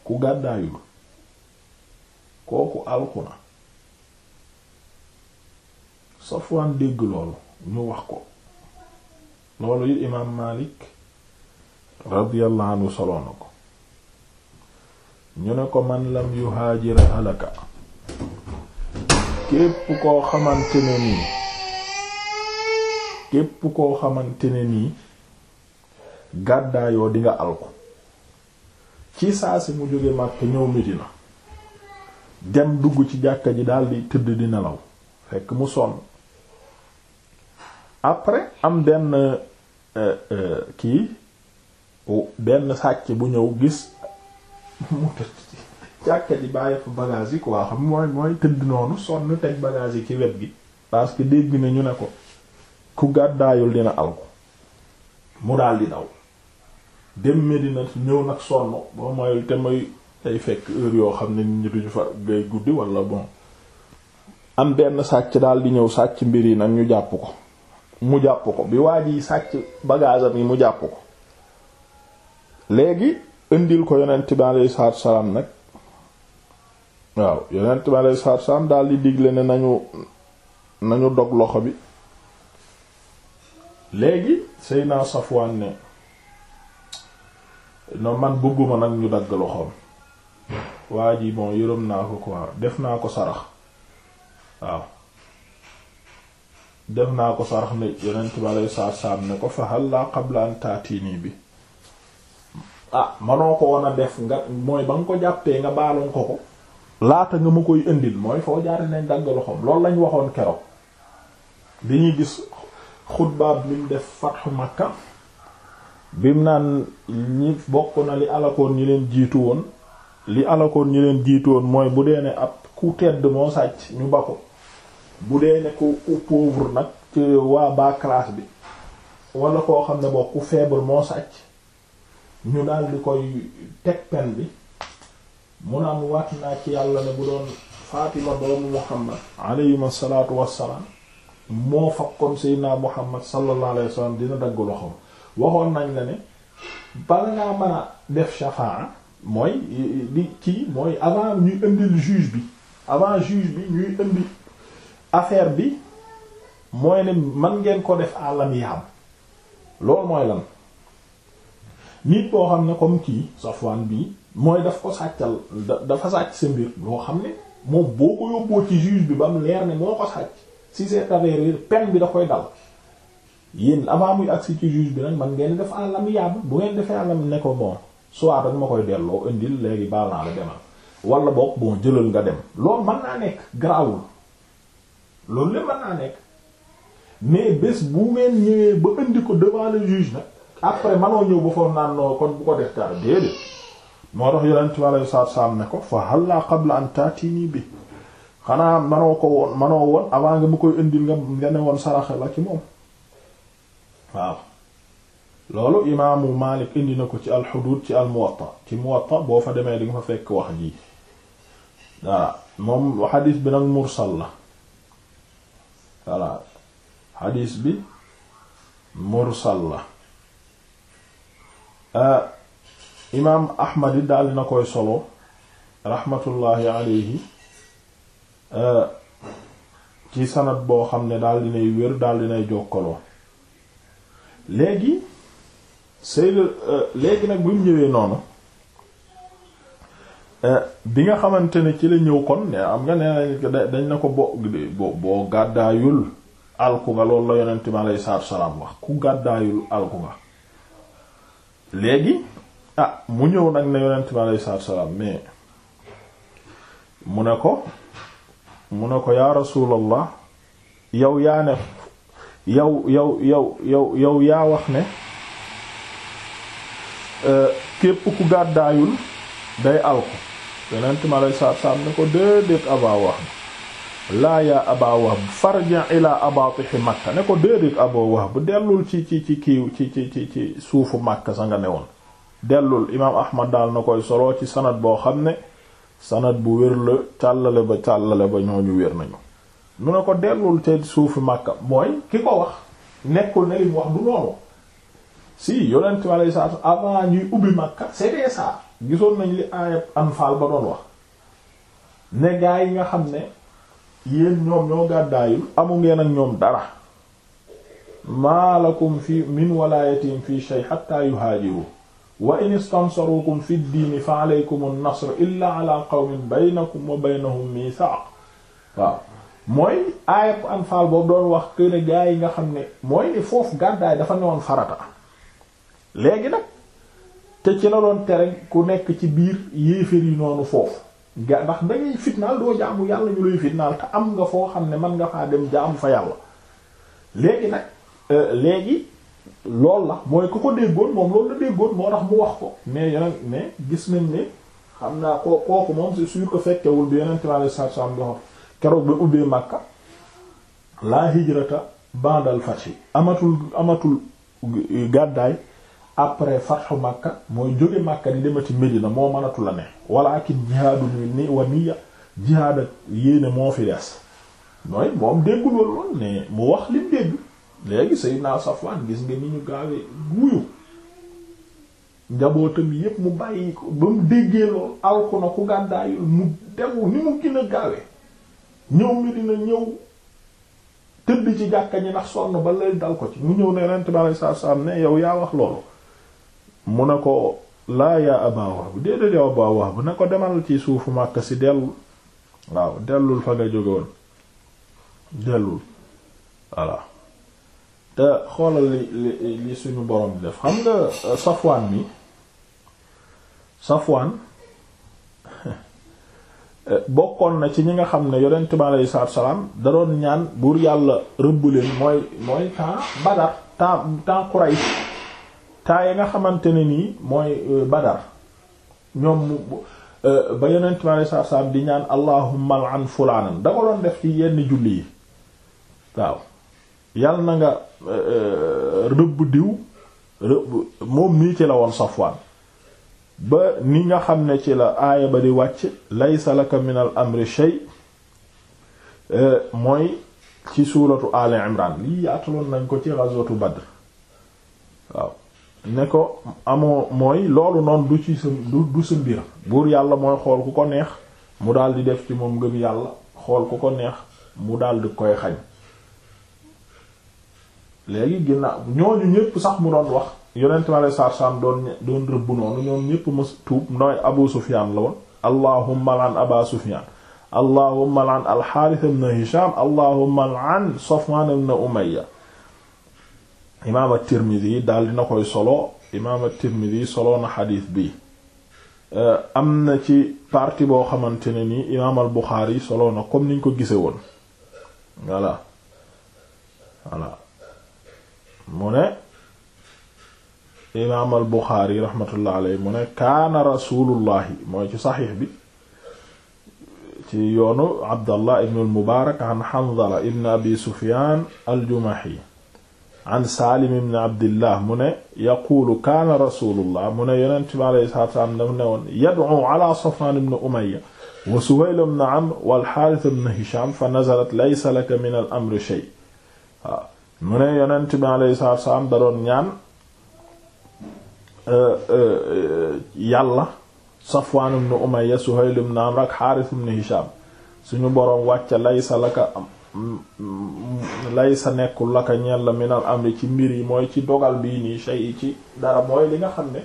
ku gàddaayul kooku alku na dégg loolu ñu wax ko loolu yi imaam Malik radiyallahu anhu ko ñu ne ko manlam yu yuhaajira halaka képp koo xamante ne képp koo xamante ne nii gàddaayoo di nga alku ci saa si mu jóge Makka ñëw Medina dem dugg ci jàkka ji di tëdd di nelaw fekk mu sonn après am benn euh, euh, kii benn sàcc bu ñëw gis mu tëdd jàkka ji bàyyi fa bagage yi quoi xam mooy mooy tëdd noonu sonn teg bagage yi ci wet gi parce que dégg na ñu ne ko ku gàddaayul dina alku mu daldi daw dem Medina ñëw nag sonn boo mooy te may day fekk heure yoo xam ne nit ñi fa ngay guddi wala bon am benn sàcc daal di ñëw sàcc mbir yi nag ñu jàpp ko mu jàpp ko bi waa yi sàcc bagage am yi mu jàpp ko léegi indil ko yonent bi alayhi salaatu salaam nag waaw yonent bi alayhi salaatu salaam daal di digle ne nañu nañu dog loxo bi léegi Seyna Safwan ne no man bëgguma nag ñu dagg loxoom waa jii bon yërëm naa ko quoi def naa ko sarax waaw def naa ko sarax ne yonent bi aleyhi salaatu salaam ne ko fa halla qabla an taatini bi ah manoo ko woon a def nga mooy ba nga ko jàppee nga baaloon ko ko laata nga ma koy indil mooy foo jaari nañ dagg loxoom loolu lañ waxoon keroog bi ñuy gis xutbaab bi mu def fatxu Makka bim naan ñi bokk na li alakoon ñi leen jiitu woon li alakoon ñi leen jiitu woon mooy bu dee ne ab ku tedd moo sàcc ñu ba ko bu dee ne ku ku pauvre nag ci waa bas classe bi wala koo xam ne bokk ku faible moo sàcc ñu daal di koy teg pen bi mu naan waat naa ci yàlla ne bu doon Fatima doomu Muhammad alayhima salaatu wassalaam moo fakkoon Seydina Muhammad sallallahu alayhi wasallam dina dagg loxoom waxoon nañ la ne bala ngaa mën a def shafaa mooy di kii mooy avant ñuy indil juge bi avant juge bi ñuy indi affaire bi mooy ne man ngeen ko def àlam yaam loolu mooy lan nit boo xam ne comme kii Safwan bii mooy daf ko sàccal dafa sàcc sa mbir loo xam ne moom boo ko yóbboo ci juge bi ba mu leer ne moo ko sàcc si c'est avéré peine bi da koy dal yéen avant muy agsi ci juge bi nag man ngeen def à l'amiable bu ngeen defee à l'amiable ne ko bon soit dañ ma koy delloo indil léegi baal naa la demal wala boog bon jëlal nga dem loolu man naa nekk garaawul loolu lépp mën naa nekk mais bés bu ngeen ñëwee ba indi ko devant le juge nag après manoo ñëw ba foog naan noo kon bu ko def dara déedéet moo tax yeneen tubaab yu saaf saaf ne ko fa halla qabla an taatini bi xanaa manoo ko woon manoo woon avant nga mu koy indil nga nga ci moom. waaw loolu imaamu Maalik indi na ko ci alxudud ci almuwatta ci muwatta boo fa demee di nga fa fekk wax ji voilà moom xadiis bi nag mursal la voilà xadiis bi mursal la euh, imaam Ahmad yi daal na koy solo raxmatullaahi alayhi euh, ci sanad boo xam ne daal dinay wér daal dinay jokkaloo léegi sëy euh, léegi nag bi mu ñëwee noonu euh, bi nga xamante ni ci la ñëw kon ne am nga nee nañ dañ na ko bo boo gàddaayul alku nga loolu la yonent mi aleyhi salaam wax ku gàddaayul alku nga léegi ah mu ñëw nag ne yonent mi aleyhi salaam mais mu ne ko mu ne ko yaa rasuulallah yow yaa ne yow yow yow yow yow yaa wax ne euh, képp ku gàddaayul day alko yonent mi alay salaatu salaam ne ko déedéet Abaa Wahb laa yaa Abaa Wahb farja ilaa abaatihi Makka ne ko déedéet Abaa Wahb dellul ci ci ci kiiw ci ci ci suufu Makka sa nga newoon dellul imaam Ahmad daal na koy solo ci sanad boo xam ne sanad bu wér la càllale ba càllale ba ñooñu wér nañu mu ne ko dellul ca suufu Makka mooy ki ko wax nekkul ne lim wax du noonu si yonent mi alayhi ñuy ubbi Makka c'était ça gisoon nañ li aayab Anfaal ba doon wax ne gaa yi nga xam ne yéen ñoom ñoo gàddaayul amu ngeen ak ñoom dara maalakum fi min walaayatihim fi shay hatta yuhaajiru wa in istansarukum fi diini fa alaykum an-nasr illa ala qawmin baynakum wa baynahum miisaaq waaw mooy aayab anfaal boobu doon wax que ne gaa yi nga xam ne mooy ne foofu gàddaay dafa newoon farata léegi nag te ci la doon tere ku nekk ci biir yéeféer yi noonu foofu ga ndax dangay fitnaal doo jaamu yàlla ñu lay fitnaal te am nga foo xam ne man nga faa dem jaamu fa yàlla léegi nag euh, léegi loolu la mooy ku ko déggoon moom loolu la déggoon moo tax mu wax ko mais yeneen mais gis nañ ne xam naa koo kooku moom c'est sûr que fekkewul bi yeneen time ale saab saab keroog ba ubbee Makka laa hijrata ba'dal fath amatul amatul gàddaay après fathu Makka mooy jóge Makka di demati Medina moo mënatu la ne walaakin jihaadu ni wa niyya jihaad ak yéene moo fi des mooy moom déggul woon ne mu wax lim dégg léegi Sayyidna Safwan gis nga ni ñu gaawee guyu njabootam yépp mu bàyyi ko ba mu déggee lool alku na ku gàddaayul mu dem ni mu gën a ñëw dina ñëw tëdd ci jàkka ñi ndax sonn ba lay dal ko ci mu ñëw ne yonent bi alayhi salaatu salaam ne yow yaa wax loolu mu ne ko laa yaa Abaa Wahb déedéet yow Abaa Wahb ne ko demal ci suufu màkk si dellu waaw dellul fa nga jóge woon dellul voilà te xoolal li li suñu borom def xam nga Safwaan mi Safwaan bokkoon na ci ñi nga xam ne yonent bi aleyhi salaatu salaam da doon ñaan buur yàlla rëbb leen mooy mooy temps Badar temps temps Quraysh temps yi nga xamante ne nii mooy euh, Badar ñoom euh, ba yonent bi aleyhi salaatu salaam di ñaan allahumma al'an fulaanan da ko doon def ci yenn julli yi waaw yàlla na nga euh, rëbb diw rëbb moom nii ci la woon Safwaan ba ni nga xam ne ci la aaya ba di wàcc laysa laka minal al amri eh, mooy ci suuratu al imran lii yaataloon nañ ko ci ghazwatu badr waaw ne ko amoo mooy loolu noonu du ci sa buur yàlla mooy xool ku ko neex mu daal di def ci moom ngëm yàlla xool ku ko neex mu daal di koy xañ léegi ginnaaw ñooñu ñëpp sax mu doon wax yonent mi aleyhi salaatu salaam doon doon rëbb noonu ñoom ñépp mos tuub nooy Abu Sufyaan la woon allahumma lan Aba Sufyaan allahumma lan al-Haaris koy solo imaam solo na xadiis bi eh, am na ci partie boo xamante ne ni imaam al-Bukhari solo na comme niñ ko gise woon voilà voilà mu ne imaam al Buxaari rahmatullah alayhi mu ne kaana rasulullahi mooy ci saxiix bi ci yoonu Abdallah ibn al Mubaarak an Hanzala ibn Abi Sufyaan al Jumahi an Saalim ibn Abdillah mu ne yaquulu kaana rasulullah mu ne yonent bi alayhi salaatu wa salaam daf ne woon yad'u ala Safwaan ibn Umayya wa Suhayl ibn Amr wal Haarith ibn Hishaam fa nazalat laysa laka min al amri shay waaw mu ne yonent bi alayhi salaatu wa salaam da doon ñaan Euh, euh, euh, yàlla Safwan ibn Umayya Suhayl ibn Amr ak Harith ibn Hisham suñu boroom wàcce laysa laka laysa nekkul laka ñel la minal amri ci mbir yi mooy ci dogal bii nii shay ci dara mooy li nga xam ne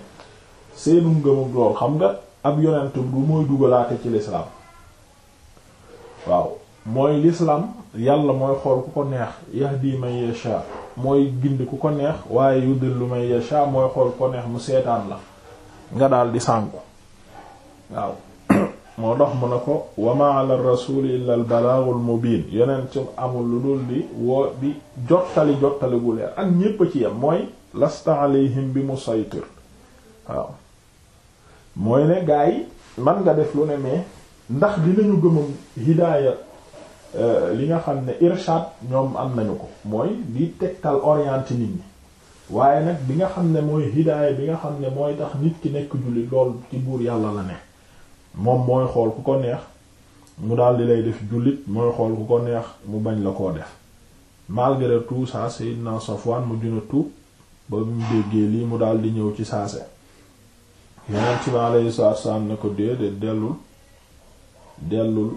seenu ngëmug lool xam nga ab yonent du mooy dugalaate ci lislaam waaw mooy lislaam yàlla mooy xool ku ko neex yahdi man yasha mooy gind ku ko neex waaye yudil lu may yasha mooy xool ko neex mu seetaan la nga daal di sànku waaw moo dox mu ne ko wa ma ala rasuli illa al balaghul mubin yeneen ci amul lu dul di woo di jottali jottali gu leer ak ñépp ci yam mooy lasta alayhim bi musaytir waaw mooy ne gaa yi man nga def lu ne mais ndax dinañu gëmam hidaaya Euh, li nga xam ne irshad ñoom am nañu ko mooy di tegtal orienté nit ñi waaye nag bi nga xam ne mooy hidaaya bi nga xam ne mooy tax nit ki nekk julli lool ci buur yàlla la ne moom mooy xool ku ko neex mu daal di lay def jullit mooy xool ku ko neex mu bañ la koo def malgré tout ça Seydina Safwan mu dina tuub ba mu déggee lii mu daal di ñëw ci saase yonent bi alayhi salaatu ne ko déedéet dellul dellul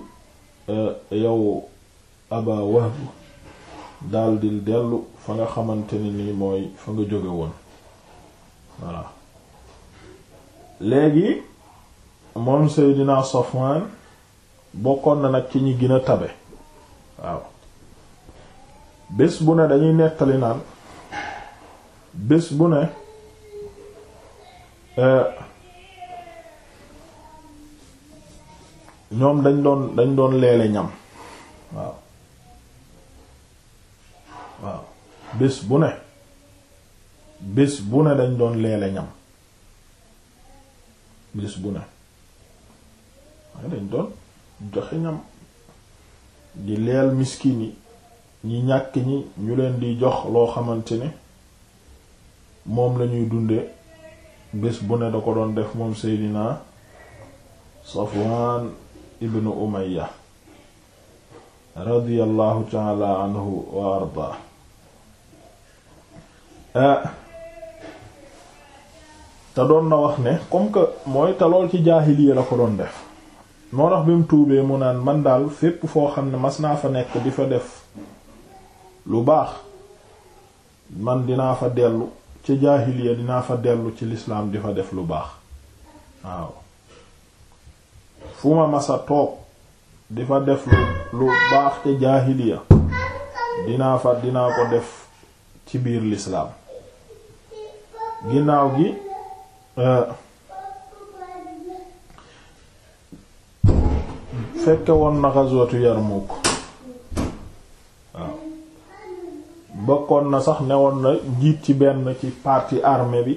Euh, yow Aba Wahb daldi dellu fa nga xamante ni nii mooy fa nga jóge woon voilà léegi moom Seydina Safwan bokkoon na nag ci ñi gën a tabe waaw bés bu ne dañuy nettali naan bés bu ne euh, ñoom dañ doon dañ doon leele ñam waaw bés bu ne bés bu ne dañ doon leele ñam bés bu ne dañ doon joxe ñam di leel miskin yi ñi ñàkk ñi ñu leen di jox loo xamante ne moom lañuy dunde bés bu ne da ko doon def moom Seydina Safwan ibnu umaya radiyallahu taala anhu wa ardaa eh, te doon na wax ne comme que mooy te lool ci jaahiliya la ko doon def moo tax bi mu tuubee mu naan man daal fépp foo xam ne mas naa fa nekk di fa def lu baax man dinaa fa dellu ci jaahiliya dinaa fa dellu ci lislaam di fa def lu baax waaw fu ma masa toog di fa def lu baax te jaahiliya dinaa fa dinaa ko def ci biir lislaam ginnaaw gi euh, fekke woon na ghazwatu Yarmuk waaw bokkoon na sax newoon na njiit ci benn ci partie armée bi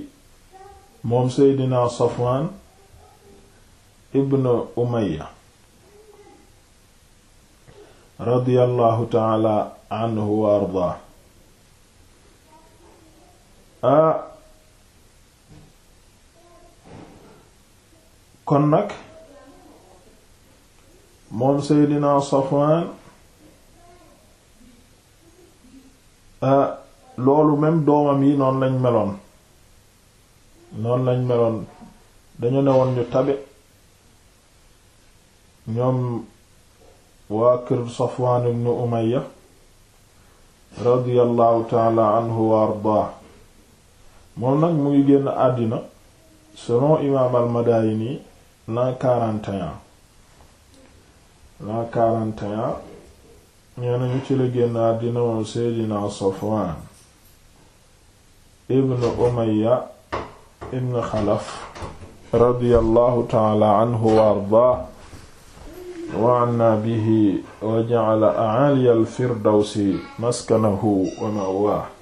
moom Seydina Safwan ibn Umayya radiyallahu taala anhu wa ardaa kon nag moom Seydina Safwaan a loolu même doomam yi noon lañ meloon noonu lañ meloon dañu newoon ñu tabe ñoom waa kër Safwaan ibn Umayya radiyallahu taala anhu wa ardaa moom nag mu ngi génn àddina selon imaam al-Madaayini l'an 41 l'an 41 ñee nañu ci la génn àddina moom Seydina Safwaan ibn Umayya ibn Xalaf radiyallahu taala anhu wa ardaa wanna bihi wa ja'ala a'ali al-firdawsi maskanahu wa ma'waahu